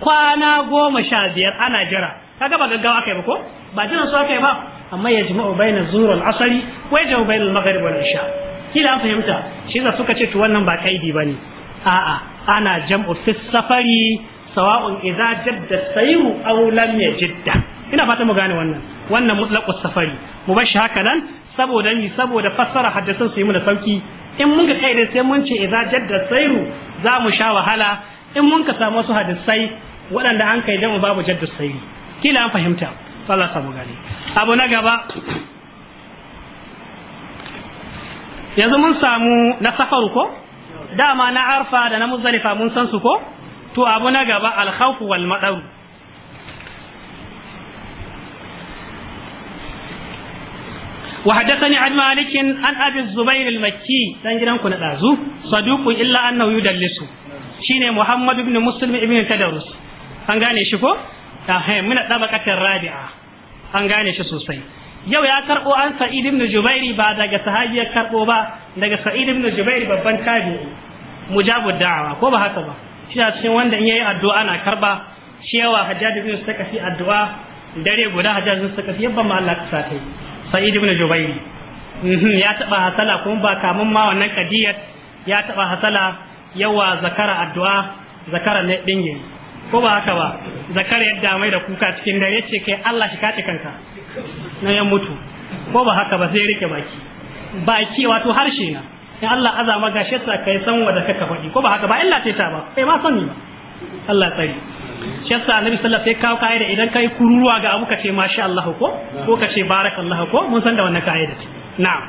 kwana goma sha biyar ana jira ka gaba gaggawa kai ba ko ba jiran su aka yi ba amma ya jima'u na zuhurul asari ko ya jima'u bainar maghrib wal isha kila an fahimta shi za suka ce to wannan ba kaidi ne a'a ana jam'u fi safari sawa'un idza jadda sayru aw lam yajidda ina fata mu gane wannan wannan mutlaqus safari mu bar shi haka nan saboda ni saboda fassara haddasan su yi mu da sauki in mun ka kai sai mun ce idza jadda sairu za mu sha wahala in mun ka samu wasu hadisai waɗanda an kai dan babu jadda sayri kila an fahimta Allah samu gani abu na gaba yanzu mun samu na safaru ko dama na arfa da na muzdalifa mun san su ko to abu na gaba al khawfu wal madaru وحدثني عن مالك عن ابي الزبير المكي دان جيران كنا دازو صدوق الا انه يدلس شينه محمد بن مسلم ابن تدرس an gane shi ko ahe muna daba rabi'a an gane shi sosai yau ya karbo an sa'id ibn jubairi ba daga sahabi ya karbo ba daga sa'id ibn jubairi babban tabi'i mujabud da'awa ko ba haka ba shi a cikin wanda in yi addu'a na karba shi yawa hajjaj ibn addu'a dare guda hajjaj ibn sakafi yabban ma Allah ta sa sa'id ibn jubair mhm, ya taba hasala kuma ba kamun ma wannan kadiyar ya taba hasala yawa zakara addu'a zakara ne dinge ko ba haka ba zakara yadda mai da kuka cikin dare yace kai Allah shi kace kanka na ya mutu ko ba haka ba sai rike baki baki wato harshe na in Allah azama gashe ta kai san wanda kaka faɗi ko ba haka ba illa ce ta ba kai ma sani ba Allah tsari shi yasa annabi sallallahu alaihi wasallam sai kawo kaida idan kai kururuwa ga abu kace masha Allah ko ko kace barakallahu ko mun san da wannan kaida na'am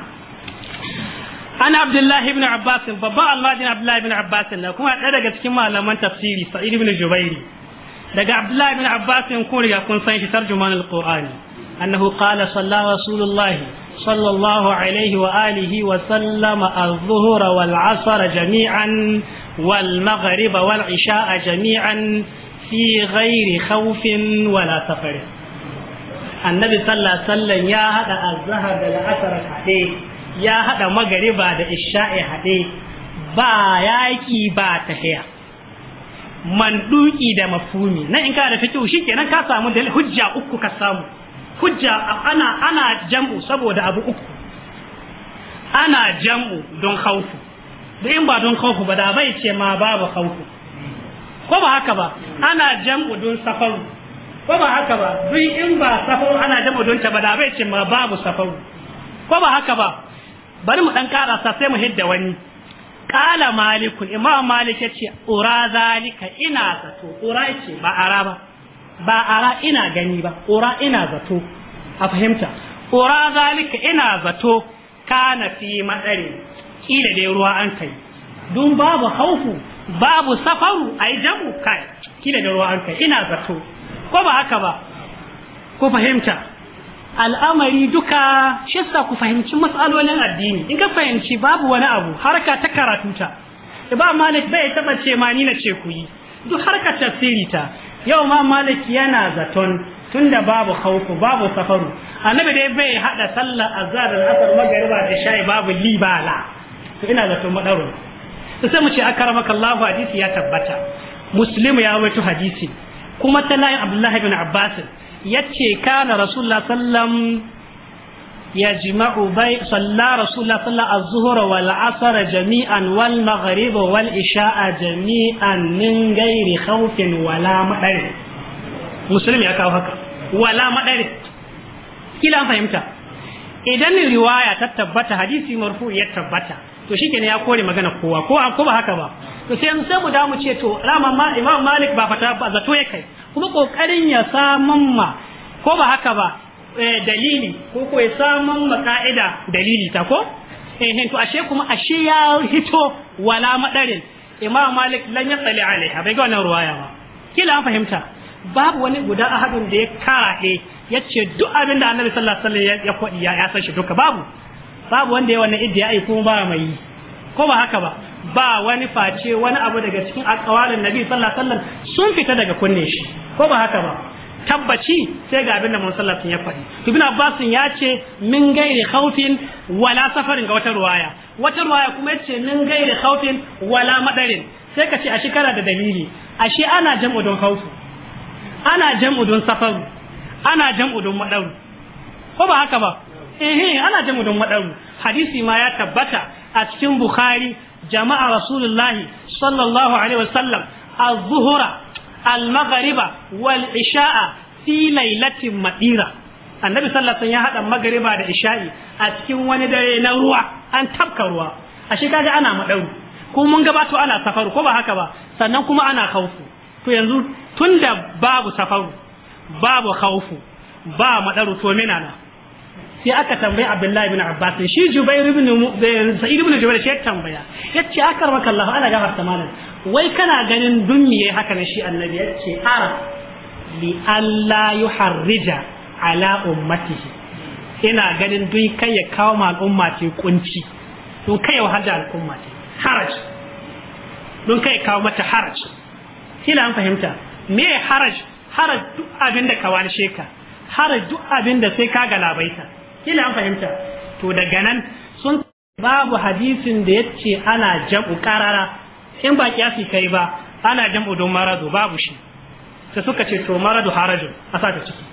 ana abdullahi ibn abbas babba Allah din abdullahi ibn abbas na kuma ɗaya daga cikin malaman tafsiri sa'id ibn jubairi daga abdullahi ibn abbas kun riga kun san shi tarjuman alqur'ani annahu qala sallallahu rasulullahi صلى الله عليه وآله وسلم الظهر والعصر جميعا والمغرب والعشاء جميعا fi ghairi khawfin wala safari annabi sallallahu alaihi wasallam ya hada azhar da al'asr hade ya hada magariba da isha'i hade ba yaki ba tahiya duki da mafumi na in ka da shi shikenan ka samu da hujja uku ka samu hujja ana ana jam'u saboda abu uku ana jam'u don khawfu da in ba don khawfu ba da bai ce ma babu khawfu ko ba haka ba ana jam'u don safaru ko ba haka ba duk in ba safaru ana jam'u don ta ba da bai ce ma babu safaru ko ba haka ba bari mu dan sa sai mu hidda wani qala malikun imam malik ya ce ura zalika ina zato ura ce ba ara ba ba ara ina gani ba ura ina zato a fahimta ura zalika ina zato kana fi matsari kila dai ruwa an kai dun babu haufu babu safaru a yi jamu kai kila da ruwa ina zato ko ba haka ba ko fahimta al'amari duka shi ku fahimci matsalolin addini in ka fahimci babu wani abu harka ta karatu ta ba malik bai taba ce ma ni na ce ku yi duk harka tafsiri ta yau ma malik yana zaton tunda babu khawfu babu safaru annabi dai bai hada sallar azhar al-asr magriba da shayi babu libala to ina zato madaru to sai mu ce akaramaka Allah hadisi ya tabbata muslim ya rawaito hadisi kuma ta layin Abdullahi bin Abbas ya yace kana rasulullah sallam ya jima'u bai salla rasulullah sallam az-zuhra wal asr jami'an wal maghrib wal isha'a jami'an min ghairi khawfin wala madari muslim ya kawo haka wala madari kila fahimta idan riwaya ta tabbata hadisi marfu ya tabbata to shi ya kore magana kowa ko ko ba haka ba to sai sai mu mu ce to rama Imam Malik ba fata ba zato ya kai kuma kokarin ya samun ma ko ba haka ba eh, dalili ko ko ya samun ma ka'ida dalili ta ko eh, eh to ashe kuma ashe ya hito wala madarin Imam Malik lan ya tsali alaiha bai ga wannan ruwaya ba kila an fahimta babu wani guda ahadin da ya karaɗe ya ce duk abin da annabi sallallahu alaihi wasallam ya faɗi ya san shi duka babu babu wanda ya wannan iddiya'i kuma ba mai yi ko ba haka ba ba wani face wani abu daga cikin alƙawalin nabi sallallahu alaihi wasallam sun fita daga kunne shi ko ba haka ba tabbaci sai ga abin da mun sallallahu ya faɗi ibn abbas ya ce min gairi khawfin wala safarin ga wata ruwaya wata ruwaya kuma yace ce min gairi khawfin wala madarin sai ka ce a shekara da dalili ashe ana jam'u don khawfu ana jam'u don safaru ana jam'u don madaru ko ba haka ba eh ana jin gudun waɗansu hadisi ma ya tabbata a cikin bukhari jama'a rasulullahi sallallahu alaihi wasallam az-zuhra al-maghriba wal isha'a fi lailatin madira annabi sallallahu alaihi ya hada maghriba da isha'i a cikin wani dare na ruwa an tabka ruwa ashe kaga ana madaru ko mun gabato ana safaru ko ba haka ba sannan kuma ana khaufu to yanzu tunda babu safaru babu khaufu ba madaru to menana sai aka tambayi abdullahi bin abbas shi jubair ibn eh, sa'id ibn jubair shi tambaya yace akar allah ana malam wai kana ganin dun me haka na shi annabi yace ara li alla yuharrija ala ummatihi ina ganin dun kai ya kawo ma al'umma ce kunci don kai ya al'umma ce haraj kai kawo mata haraj kila an fahimta me haraj haraj duk abin da ka wani sheka haraj duk abin da sai ka galabaita kila an fahimta to daga nan sun babu hadisin da ya ce ana jam'u karara in ba kiyasi kai ba ana jam'u don maradu babu shi Ta suka ce to maradu harajun a sa ta ciki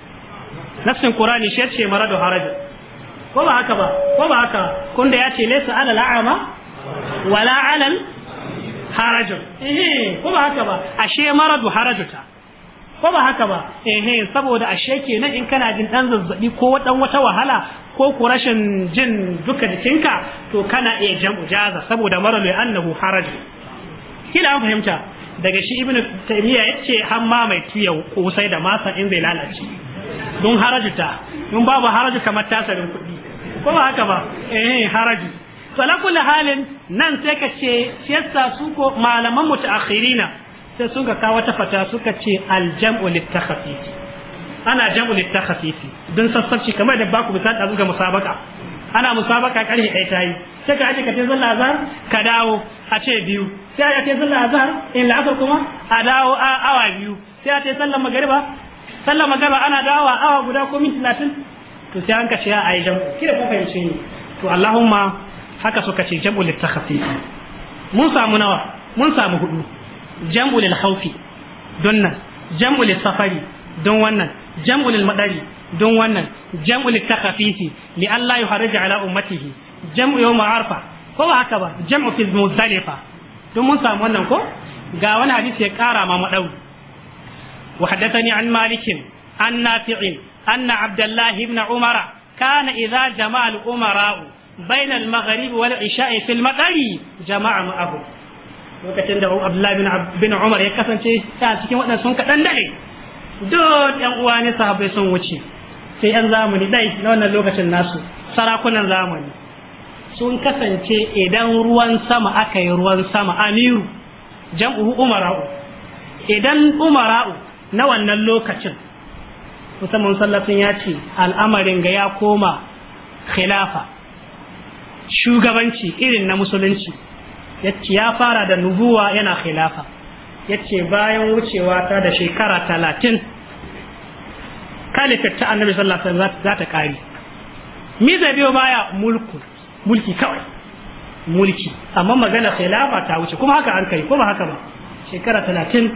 nafsin qur'ani shi yace maradu harajun ko ba haka ba ko ba haka kun da yace laysa ala al'ama wala ala harajun eh ko ba haka ba ashe maradu harajuta ko ba haka ba eh saboda ashe kenan in kana jin dan zazzabi ko dan wata wahala ko ku rashin jin duka jikinka to kana iya jam'u jaza saboda maralu annahu haraj kila an fahimta daga shi ibnu taymiya yace har ma mai tuya kosai da masa in zai lalace don harajuta in babu haraju kamar tasarin kuɗi ko ba haka ba eh haraji to halin nan sai ka ce siyasa su ko malaman mutaakhirina sai sun ka kawo ta fata suka ce aljam'u littakhafif ana jam'u littakhafif don sassabci kamar da baku misali da ga musabaka ana musabaka karfe ɗaya ta yi sai ka aje ka ce zalla ka dawo a ce biyu sai a ce zalla azhar in la'asar kuma a dawo a awa biyu sai a ce sallar magariba sallar magariba ana dawo a awa guda ko minti talatin to sai an ka ya ayi jam'u kida kun fahimce ni to allahumma haka suka ce jam'u littakhafif mun samu nawa mun samu hudu jam'u lil khawfi don nan jam'u lil safari don wannan jam'u lil madari don wannan jam'u lil takhafisi li alla yuharrija ala ummatihi jam'u yawm arfa ko ba haka ba jam'u fil muzdalifa don mun samu wannan ko ga wani hadisi ya kara ma madau wa haddathani an malikin an nafi'in anna abdullahi ibn umara كان إذا جمع الأمراء بين المغرب والعشاء في المطر جمع معهم lokacin da Abdullahi bin Umar ya kasance ta cikin waɗansu sun kaɗan dare duk ɗan uwa ne sahabbai sun wuce sai yan zamani dai na wannan lokacin nasu sarakunan zamani sun kasance idan ruwan sama aka yi ruwan sama amiru jam'u umara'u idan umara'u na wannan lokacin musamman sallafin ya ce al'amarin ga ya koma khilafa shugabanci irin na musulunci yace ya fara da nubuwa yana khilafa yace bayan wucewa ta da shekara talatin kalifar ta annabi sallallahu alaihi wasallam za ta kare mi zai biyo baya mulku mulki kawai mulki amma magana khilafa ta wuce kuma haka an kai ko ba haka ba shekara talatin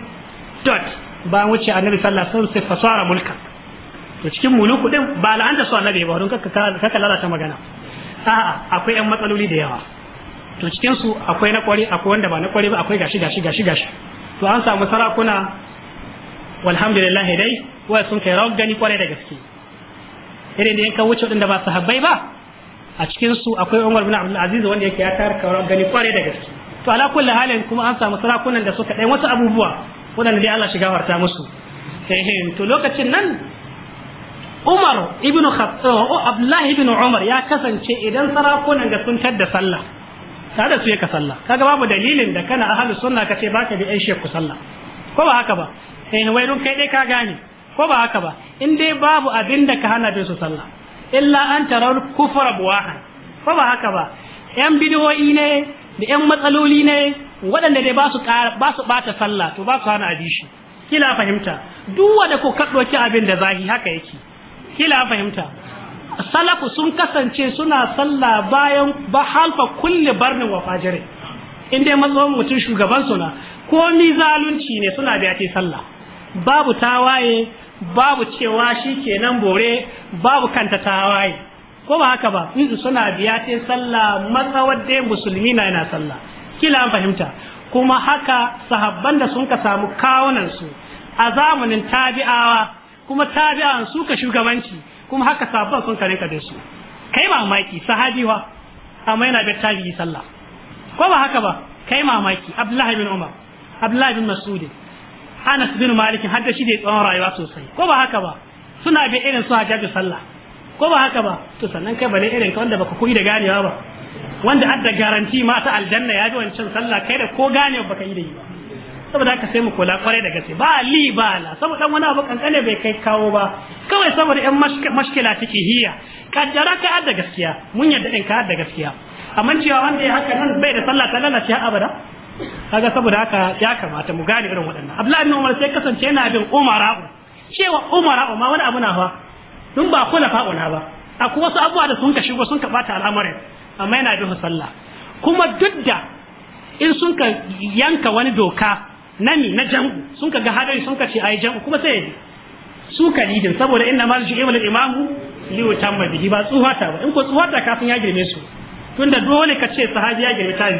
dot bayan wuce annabi sallallahu alaihi wasallam sai fasara mulka to cikin muluku din ba la'anta su annabi ba don kaka lalata magana a'a akwai yan matsaloli da yawa to cikin su akwai na kwari akwai wanda ba na kwari ba akwai gashi gashi gashi gashi to an samu sarakuna walhamdulillah dai wa sun kai rawar gani kware da gaske irin da yanka wuce wadanda ba sahabbai ba a cikin su akwai Umar bin Abdul Aziz wanda yake ya tarka rawar gani kware da gaske to ala kulli halin kuma an samu sarakunan da suka dai wasu abubuwa wadanda dai Allah shiga warta musu eh to lokacin nan Umar ibn Khattab Abdullah ibn Umar ya kasance idan sarakunan da sun da sallah Ka da su ka sallah kaga babu dalilin da kana ahlu sunna kace baka bi ai shekku sallah ko ba haka ba in eh, wai dun kai dai ka gane ko ba haka ba in dai babu abin da ka hana bin su sallah illa an tarawul kufra buwahan ko ba haka ba yan bidiyoyi ne da yan matsaloli ne waɗanda dai ba su ba su bata sallah to ba su hana adishi kila fahimta duk wanda ko kaddoki abin da zahi haka yake kila fahimta salafu sun kasance suna sallah bayan ba halfa kulli barnin wa fajire in dai matsawon mutum shugaban suna ko ni zalunci ne suna da sallah babu tawaye babu cewa shi kenan bore babu kanta tawaye ko ba haka ba in suna biya ce sallah matsawar dai musulmi na yana salla kila an fahimta kuma haka sahabban da sun ka samu kawunan su a zamanin tabi'awa kuma tabi'an suka shugabanci kuma haka sabon sun kare ka da su kai mamaki sahabi wa amma yana da tarihi sallah ko ba haka ba kai mamaki abdullahi bin umar abdullahi bin mas'ud anas bin malik har da shi da tsawon rayuwa sosai ko ba haka ba suna bi irin su da sallah ko ba haka ba to sannan kai bale irin ka wanda baka koyi da ganewa ba wanda adda garanti ma ta aljanna ya ji wancan sallah kai da ko ganewa baka yi da yi ba saboda haka sai mu kula kwarai da gaske ba li ba la saboda wani abu kankane bai kai kawo ba kawai saboda yan mashkila take hiya kaddara ka da gaskiya mun yadda din ka da gaskiya amma cewa wanda ya haka nan bai da sallah ta lalace abada kaga saboda haka ya kamata mu gane irin waɗannan Abdullahi ibn Umar sai kasance yana bin Umara cewa Umara ma wani abu na fa dun ba kula fa'una ba akwai wasu abubuwa da sun ka shigo sun ka bata al'amarin amma yana bin sallah kuma duk da in sun ka yanka wani doka nami na jam'u sun ka ga hadari sun ka ce ai jam'u kuma sai su kalidin saboda inna ma ju'ima lil imamu li yutamma ba tsuhata ba in ko tsuhata kafin ya girme su tunda dole ka ce sahabi ya girme tabi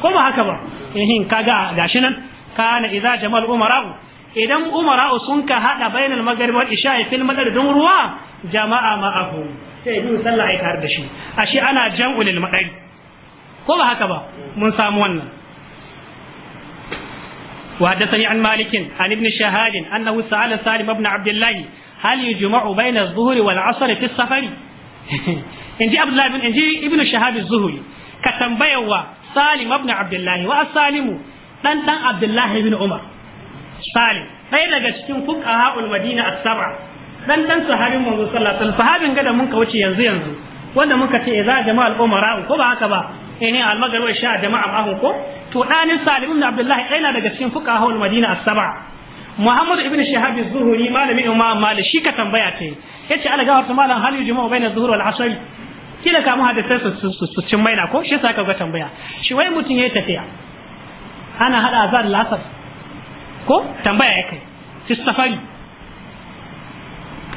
ko ba haka ba ehin kaga gashi nan kana idza jamal umara'u idan umara'u sun ka hada bainal maghrib wal isha'i fil madadin ruwa jama'a ma'ahu sai bi sallah ai tare da shi ashe ana jam'u lil madari ko ba haka ba mun samu wannan وحدثني عن مالك عن ابن شهاد أنه سأل سالم بن عبد الله هل يجمع بين الظهر والعصر في السفر [laughs] إن عبد الله بن ابن شهاد الزهري كتنبيوا سالم بن عبد الله وسالم دان دان عبد الله بن عمر salim ɗaya daga cikin fuqaha madina as-sab'a dan dan sahabin manzo sallallahu alaihi wasallam sahabin ga da mun wuce yanzu yanzu wanda muka ce idza jama'ar al-umara ba haka ba eh ne al-maghrib wa ko to ɗanin salim ibn abdullahi ɗaya na daga cikin fuka hawal madina asaba muhammadu ibn shahab zuhuri malamin imam malik shi ka tambaya ta Ya yace ala gawar malam hal yujma'u bayna zuhur wal asr kila ka mu hadisai su su cin maina ko shi sa ka ga tambaya shi wai mutun yayi tafiya ana hada azan lasar ko tambaya ya kai fi safari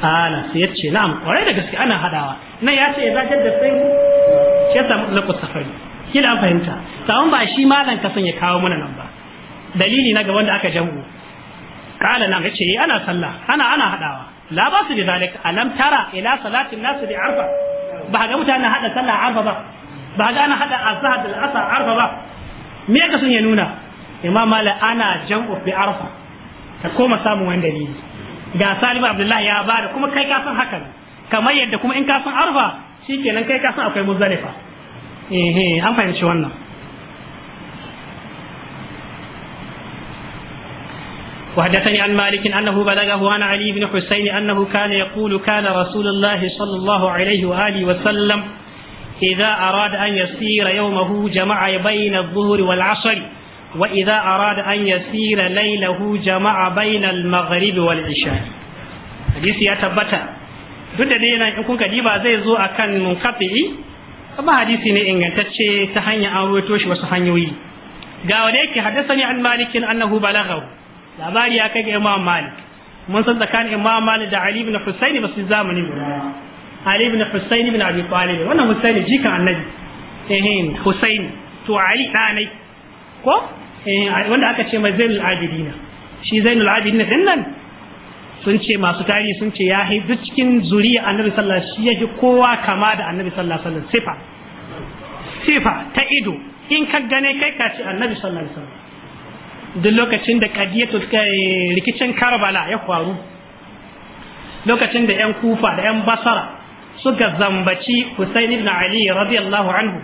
kana sai yace na'am kwarai da gaske ana hadawa Na ya ce ya zajar da sai shi ya samu lakus safari kila an fahimta sawan ba shi malan ka son ya kawo mana nan ba dalili na ga wanda aka jamu kala nan yace eh, ana sallah ana ana hadawa la ba su bi zalika alam tara ila salatin nas bi arfa ba ga mutane hada sallah arfa ba ba ga ana hada azhar da asa arfa ba me ka son ya nuna imam malam ana jam'u bi arfa ta koma samun wani dalili ga Salim abdullahi ya bada kuma kai ka san hakan kamar yadda kuma in ka san arfa shikenan kai ka san akwai muzdalifa eh an fahimci wannan وحدثني عن مالك أنه بلغه عن علي بن حسين أنه كان يقول كان رسول الله صلى الله عليه وآله وسلم إذا أراد أن يسير يومه جمع بين الظهر والعصر وإذا أراد أن يسير ليله جمع بين المغرب والعشاء حديث يتبتع duk da dai in kun kadi ba zai zo akan munkafi amma hadisi ne ingantacce ta hanyar an ruwaito shi wasu hanyoyi ga wanda yake haddathani an malikin annahu balaghahu labari ya kai ga imam malik mun san tsakanin imam malik da ali ibn husaini ba su zamani guda ali ibn husaini ibn abi talib wannan husaini jikan annabi eh husaini to ali danai ko eh wanda aka ce mai zainul abidina shi zainul abidina din sun ce masu tarihi sun ce ya yi duk cikin zuriya annabi sallallahu alaihi wasallam shi kowa kama da annabi sallallahu alaihi sifa sifa ta ido in ka gane kai ka ce annabi sallallahu alaihi wasallam duk lokacin da kadiyatu eh, rikicin karbala ya faru lokacin da yan kufa da yan basara suka zambaci Husain ibn Ali radiyallahu anhu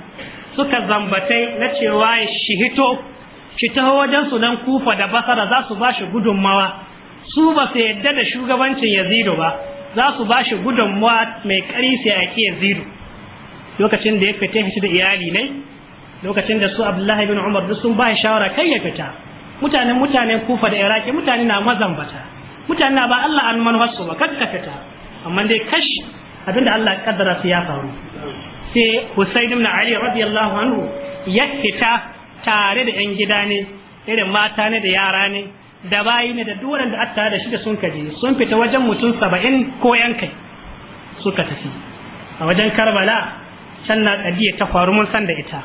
suka zambatai na cewa shi hito shi ta wajen su nan kufa da basara za su ba shi gudunmawa su ba su yadda da shugabancin yazidu ba za su ba shi gudunmuwa mai karisi sai a ke yazidu lokacin da ya fita fita da iyali ne lokacin da su abdullahi bin umar duk sun ba shi shawara kai ya fita mutanen mutanen kufa da iraki mutane na mazambata mutane na ba allah an manuwarsu ba kaka fita amma dai kashi abinda allah kaddara su ya faru sai husayn ibn ali radiyallahu anhu ya fita tare da yan gida ne irin mata ne da yara ne da bayi ne da duran da atta da shi da sun kaje sun fita wajen mutum saba'in ko yan kai suka tafi a wajen karbala can na ƙadiyar ta faru mun san da ita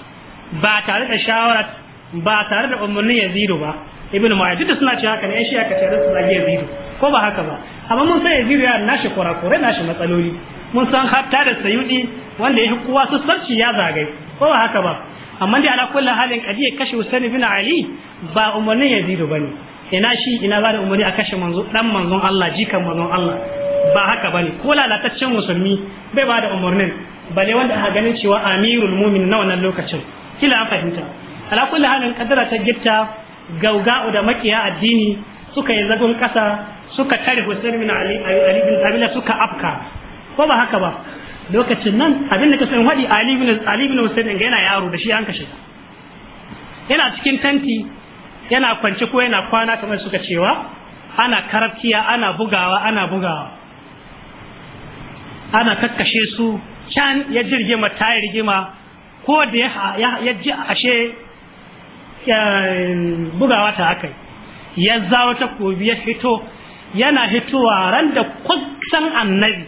ba tare da shawarar ba tare da umarnin yazidu ba ibnu ma'ayyid suna cewa haka ne shi aka tare su zagi yazidu ko ba haka ba amma mun san yazidu ya nashi kurakurai nashi matsaloli mun san hatta da sayudi wanda ya kowa su sarci ya zagai ko ba haka ba amma dai ala kullu halin ƙadiyar kashe Husaini bin Ali ba umarnin yazidu bane ina shi ina ba da umarni a kashe manzo dan manzon Allah jikan manzon Allah ba haka bane ko lalataccen musulmi bai ba da umarnin ne wanda aka ganin cewa amirul mu'min na wannan lokacin kila an fahimta ala kulli halin kadara ta gitta gauga da makiya addini suka yi zagon kasa suka tare Hussein bin Ali Ali bin suka afka ko ba haka ba lokacin nan abin da kasan wadi Ali bin Ali bin Hussein yana yaro da shi an kashe yana cikin tanti yana kwance ko yana kwana kamar suka cewa ana karafkiya ana bugawa ana bugawa ana kakkashe su can ya jirgima ta yi rigima ko da ya ji ashe bugawa ta haka ya zawo ta kobi ya fito yana fitowa ran da kusan annabi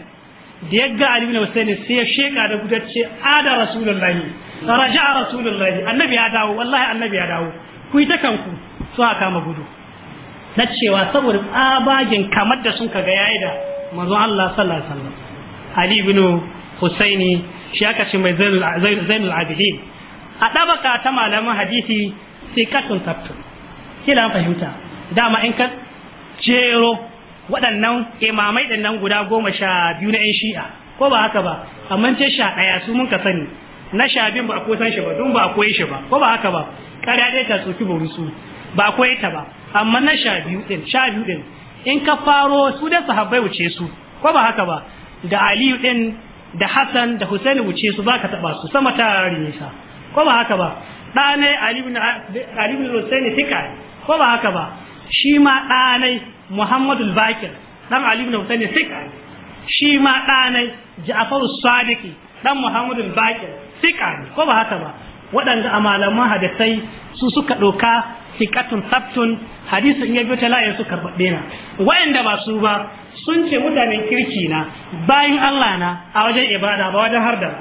da ya ga alimin husaini sai ya sheka da da ada rasulullahi raja rasulullahi annabi ya dawo wallahi annabi ya dawo ku yi ta kanku su a kama gudu na cewa saboda tsabagen kamar da sun kaga yayi da manzon Allah sallallahu alaihi wasallam Ali ibn Husaini shi aka ce mai Zainul Abidin a dabaka ta malaman hadisi sai katun kattu kila fahimta dama in ka jero waɗannan imamai ɗin nan guda goma sha biyu na 'yan shi'a ko ba haka ba amma ce sha ɗaya su mun ka sani na sha biyun ba a san shi ba don ba a koyi shi ba ko ba haka ba kariya ɗaya ta soki bori su ba akwai ta ba amma na sha biyu ɗin sha biyu ɗin in ka faro su da sahabbai wuce su ko ba haka ba da aliyu ɗin da hassan da husaini wuce su baka taba taɓa su sama ta nisa ko ba haka ba ɗanai aliyu na husaini tika ko ba haka ba shi ma ɗanai muhammadu bakir dan aliyu na husaini tika shi ma ɗanai as-Sadiq dan muhammadu bakir tika ko ba haka ba waɗanda a malaman hadisai su suka ɗauka sikatun sabtun hadisu in yabi ta layar su karɓaɓɓe na waɗanda ba su ba sun ce mutanen kirki na bayan Allah na a wajen ibada ba wajen harda ba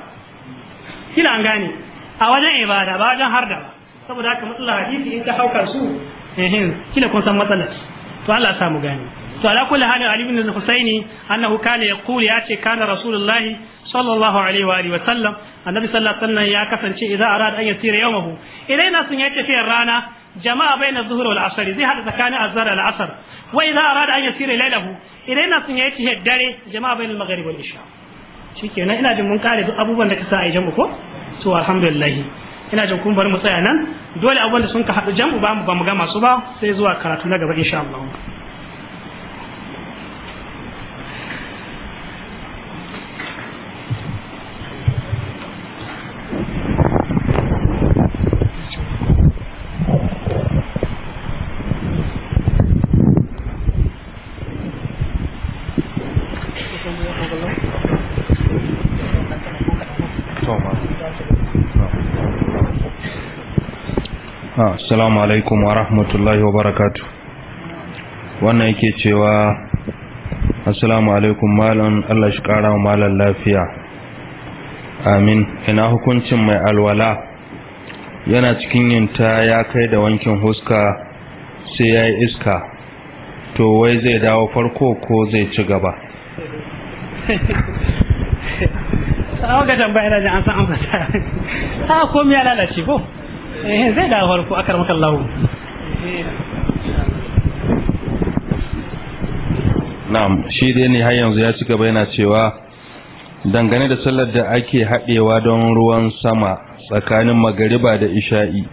kila an gane a wajen ibada ba wajen harda ba saboda haka matsala hadisi in ta haukar su ehin kila kun san matsalar to Allah ya samu gane to ala kulli halin ali ibn al-husaini annahu kana yaqul ya ce kana rasulullahi sallallahu alaihi wa alihi wa sallam annabi sallallahu alaihi wasallam ya kasance idan arada an yasira yawmahu idan yana sun yace tafiyar rana jama'a bayna dhuhri wal asr zai hada tsakanin azhar al asr wa idan arada an yasira lailahu idan yana sun yace tafiyar dare jama'a bayna al maghrib wal isha shikenan ina jin mun kare duk abubuwan da ka sa a jamu ko to alhamdulillah ina jin kun bar mu tsaya nan dole abubuwan da sun ka haɗu jam'u ba mu ba mu gama su ba sai zuwa karatu na gaba insha Allah Ah, assalamu alaikum wa rahmatullahi wa barakatu wannan yake cewa assalamu alaikum malam Allah shi kara wa malam lafiya amin ina hukuncin mai alwala yana cikin yinta ya kai da wankin huska sai ya yi iska to wai zai dawo farko ko zai ci gaba sa'awar [laughs] ga tambaya da an san amfata ta [laughs] ah, komi ya lalace ko eh zai da farko akar maka Allah na'am shi dai ne har yanzu ya ci gaba yana cewa dangane da sallar da ake haɗewa don ruwan sama tsakanin magariba da isha'i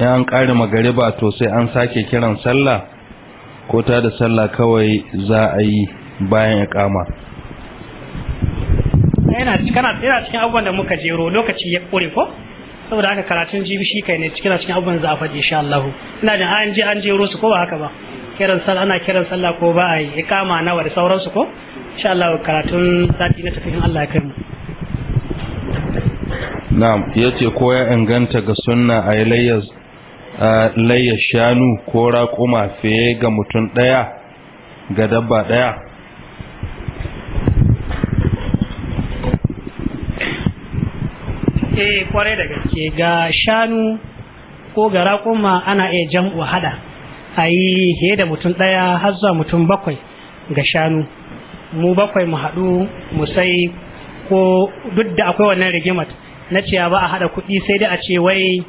in an ƙari magariba to sai an sake kiran sallah ko ta da sallah kawai za a yi bayan ikama yana cikin abubuwan da muka jero lokaci ya ƙure ko saboda haka karatun jibi shi kai ne cikin cikin abubuwan za a faɗi insha Allah ina jin an je an je rusu ko ba haka ba kiran sallah ana kiran sallah ko ba a yi ikama nawa da sauransu ko insha Allah karatun sati na tafiyin Allah ya kai mu na'am yace ko ya inganta ga sunna a layyaz layyaz shanu ko raƙuma fiye ga mutum ɗaya ga dabba ɗaya E, kwarai da gaske ga shanu ko ga raƙuma ana iya jam'u hada a yi da mutum ɗaya har zuwa mutum bakwai ga shanu mu bakwai mu haɗu mu sai ko duk da akwai wannan rigimat na cewa ba a haɗa kuɗi sai dai a ce wai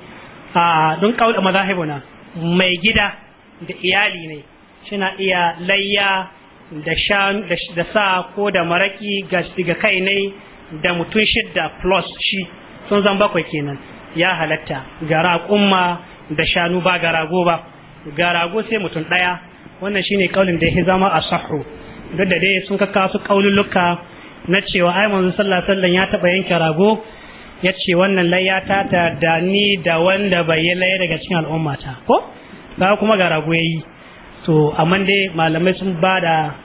a don kawo da mazahibuna mai gida da iyali ne suna iya layya da shan da sa ko da maraki ga kai ne da mutum shidda plus shi sun zan bakwai kenan ya halatta ga raƙumma da shanu ba ga rago ba ga rago sai mutum ɗaya wannan shine kaulin da ya zama a sahu duk da dai sun kakka su kaululluka na cewa ai manzon sallallahu alaihi ya taɓa yanke rago ya ce wannan layya ta ta da ni da wanda bai yi layya daga cikin al'ummata ko ba kuma ga rago yayi to amma dai malamai sun bada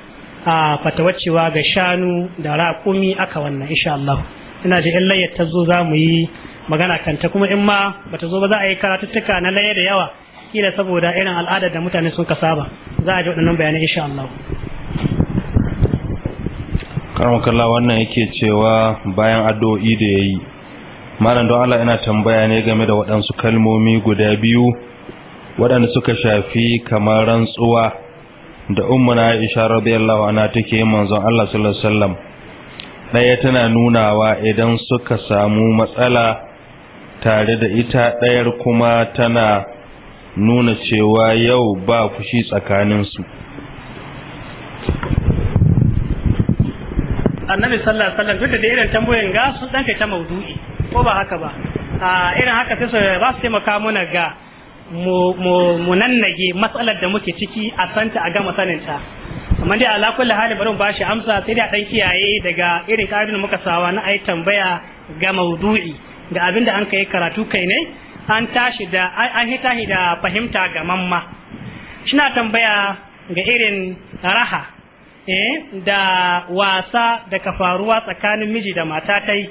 da a cewa ga shanu da raƙumi aka wannan insha Allah suna ji in layyar ta zo za mu yi magana kanta kuma in ma ba ta zo ba za a yi karatuttuka na laye da yawa kila saboda irin al'adar da mutane sun kasaba za a ji waɗannan bayanai insha Allah kala wannan yake cewa bayan addu'o'i da yayi malam don Allah ina tambaya ne game da waɗansu kalmomi guda biyu waɗanda suka shafi kamar rantsuwa da ummuna Aisha radiyallahu anha take yin manzon Allah sallallahu alaihi wasallam ɗaya tana nunawa idan suka samu matsala tare da ita ɗayar kuma tana nuna cewa yau ba fushi tsakaninsu annabi sallallahu alaihi wasallam duk da irin tambayoyin ga su danka ta maudu'i ko ba haka ba a irin haka sai su ba su taimaka muna ga mu nannage matsalar da muke ciki a santa a gama saninta amma dai ala kulli hali bari mu bashi amsa sai da dan kiyaye daga irin karin da muka sawa na ai tambaya ga maudu'i ga abin da an kai karatu kai ne an tashi da an hita da fahimta ga mamma shina tambaya ga irin raha eh da wasa da kafaruwa tsakanin miji da mata tai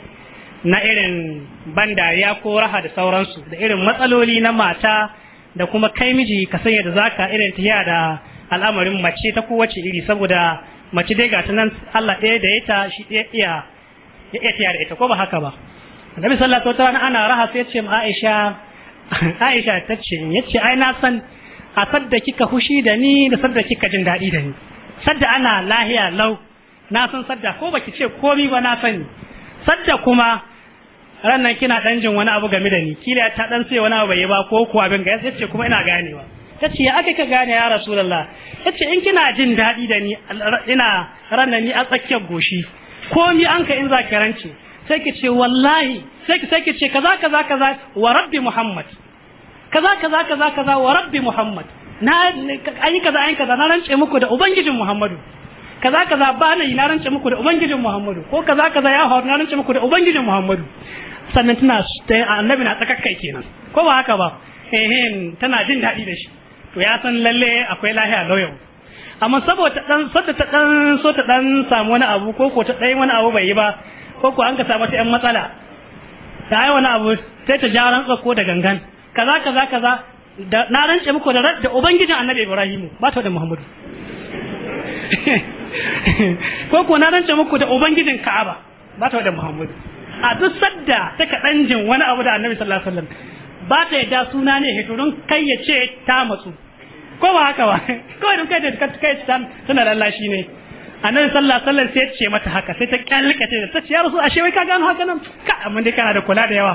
na irin bandariya ko raha da sauransu da irin matsaloli na mata da kuma kai miji ka sanya da zaka irin tiya da al'amarin mace ta kowace iri saboda mace dai ga nan Allah ɗaya da ita shi ɗaya iya ya iya tiyar ita ko ba haka ba annabi sallallahu alaihi wasallam ana raha sai ce ma Aisha [laughs] Aisha ta ce ya ce ai na san a sadda kika hushi da ni da sadda kika jin daɗi da ni sadda ana lahiya lau na san sadda ko baki ce komi ba na sani sadda kuma ran nan kina dan jin wani abu game da ni kila ta dan sai wani abu bai ba ko kuwa bin ga yace kuma ina ganewa ta ce aka ka gane ya rasulullah ta ce in kina jin daɗi da ni ina ranar ni a tsakiyar goshi ko ni an ka in za ki sai ki ce wallahi sai ki sai ki ce kaza kaza kaza wa rabbi muhammad kaza kaza kaza kaza wa rabbi muhammad na yi kaza an yi kaza na rance muku da ubangijin muhammadu kaza kaza ba na yi na rance muku da ubangijin muhammadu ko kaza kaza ya hawo na rance muku da ubangijin muhammadu sannan tana annabi na tsakakkai kenan ko ba haka ba ehem tana jin daɗi da shi to ya san lalle akwai lahiya lau amma saboda dan sota ta dan so ta dan samu wani abu ko ko ta dai wani abu bai yi ba ko ko an ka samu ta yan matsala ta yi wani abu sai ta jaran ko da gangan kaza kaza kaza da na rance muku da da ubangijin annabi ibrahim ba ta da muhammadu [laughs] ko ko na rance muku da ubangijin ka'aba ba ta da muhammadu a duk sadda ta dan jin wani abu da annabi sallallahu alaihi wasallam ba ta yadda suna ne hiturin kai ya ce ta matsu ko ba haka ba [laughs] kawai duk kai da ka kai tan tana lallashi ne annabi sallallahu alaihi wasallam sai ce mata haka sai ta kyalkace ta ce ya rasul ashe wai ka gano haka nan ka amma dai kana da kula da yawa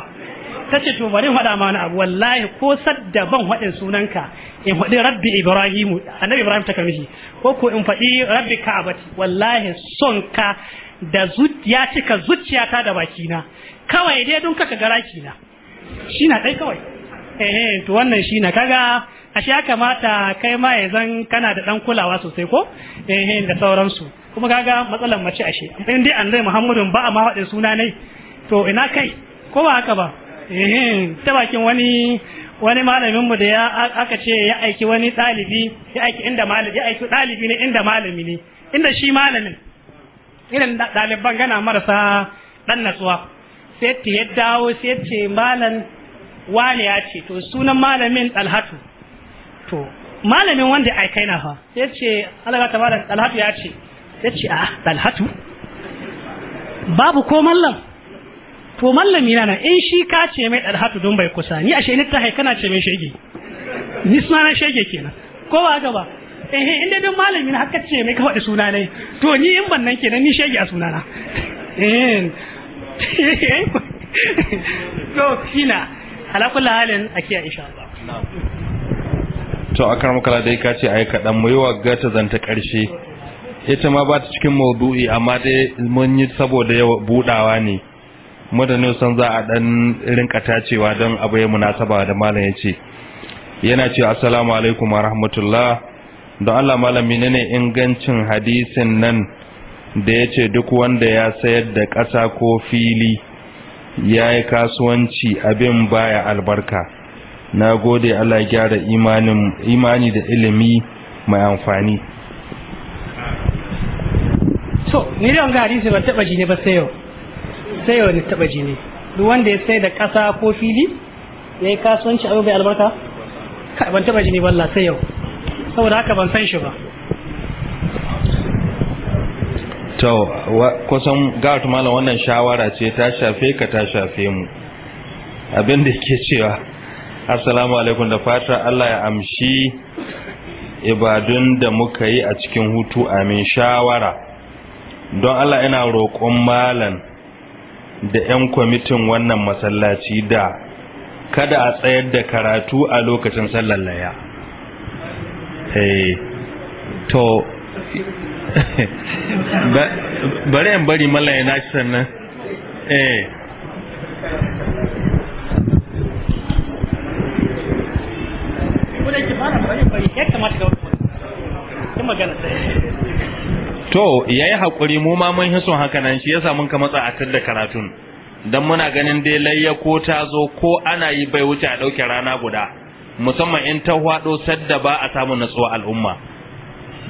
ta ce to bari in faɗa ma wani abu wallahi ko sadda ban faɗin sunanka in faɗi rabbi ibrahimu annabi ibrahim ta kamishi ko ko in faɗi rabbi ka'abati wallahi sonka da ya cika zuciyata da bakina kawai dai don kaka garaki na shi na dai kawai eh, eh to wannan shi na kaga ashe ya kamata kai ma ya zan kana da dan kulawa sosai ko eh da sauransu kuma kaga matsalar mace ashe in dai annabi Muhammadu ba a ma faɗin suna ne to ina kai ko ba haka ba eh ta bakin wani wani malamin mu da ya aka ce ya aiki wani ɗalibi ya aiki inda malami ya aiki ɗalibi ne inda malami ne inda shi malamin irin ɗaliban gana marasa ɗan natsuwa sai ta ya dawo sai ce malam wani ya ce to sunan malamin ɗalhatu to malamin wanda ai kai na fa ya ce Allah ta bada Talhatu ya ce ya ce a ah, Talhatu babu ko mallam to mallami na in shi ka ce mai Talhatu don bai kusa ni ashe ni ta hai kana ce mai shege ni suna na shege kenan ko ba ga ba eh in dai don malami na haka ce mai ka faɗi suna ne to ni in ban nan kenan ni shege a suna na eh [laughs] to kina ala kullu halin akiya insha Allah to akar makala dai ka ce ai kaɗan mu yi wa gata zanta ƙarshe ita ma ba ta cikin maudu'i amma dai mun yi saboda yawa budawa ne da san za a dan rinka tacewa don abu ya munasaba da malam ya ce yana cewa assalamu alaikum wa rahmatullah don allah malam menene ingancin hadisin nan da ya ce duk wanda ya sayar da ƙasa ko fili ya yi kasuwanci abin baya albarka na gode Allah gyara imani da ilimi mai amfani so ni da wanga hadisi ban taba jini ba sai yau sai yau ne taba jini. duk wanda ya sai da kasa ko fili yi kasuwanci abu bai albarka ban taba jini ba sayo sai yau saboda haka ban san shi ba to kusan gawar malam wannan shawara ce ta shafe ka ta shafe mu abin da ke cewa assalamu alaikum da fata Allah ya amshi ibadun da muka yi a cikin hutu amin shawara don Allah ina roƙon malan da 'yan kwamitin wannan masallaci da kada a tsayar da karatu a lokacin sallar eh, to [laughs] bari in bari sannan eh. ko ya kamata to yayi hakuri mu ma mun hisun haka nan shi yasa mun ka matsa a tadda karatun dan muna ganin dai layya ko ta zo ko ana yi bai wuce a dauke rana guda musamman in ta hwado sadda ba a samu natsuwa al'umma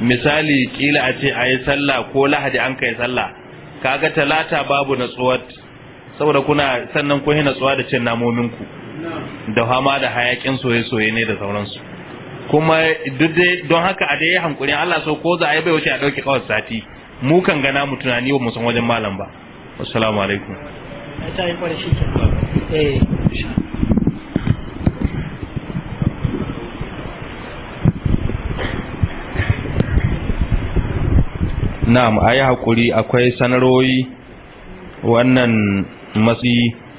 misali kila a ce a yi sallah ko lahadi an kai sallah kaga talata babu natsuwa saboda kuna sannan kun yi natsuwa da cin namomin ku da fama da hayakin soye-soye ne da sauransu kuma duk dai don haka a dai hankulin Allah so ko za a yi bai wuce a dauke kawai sati mu kan gana mu tunani mu san wajen malam ba assalamu alaikum eh. na'am ayi hakuri akwai sanarwoyi wannan matsi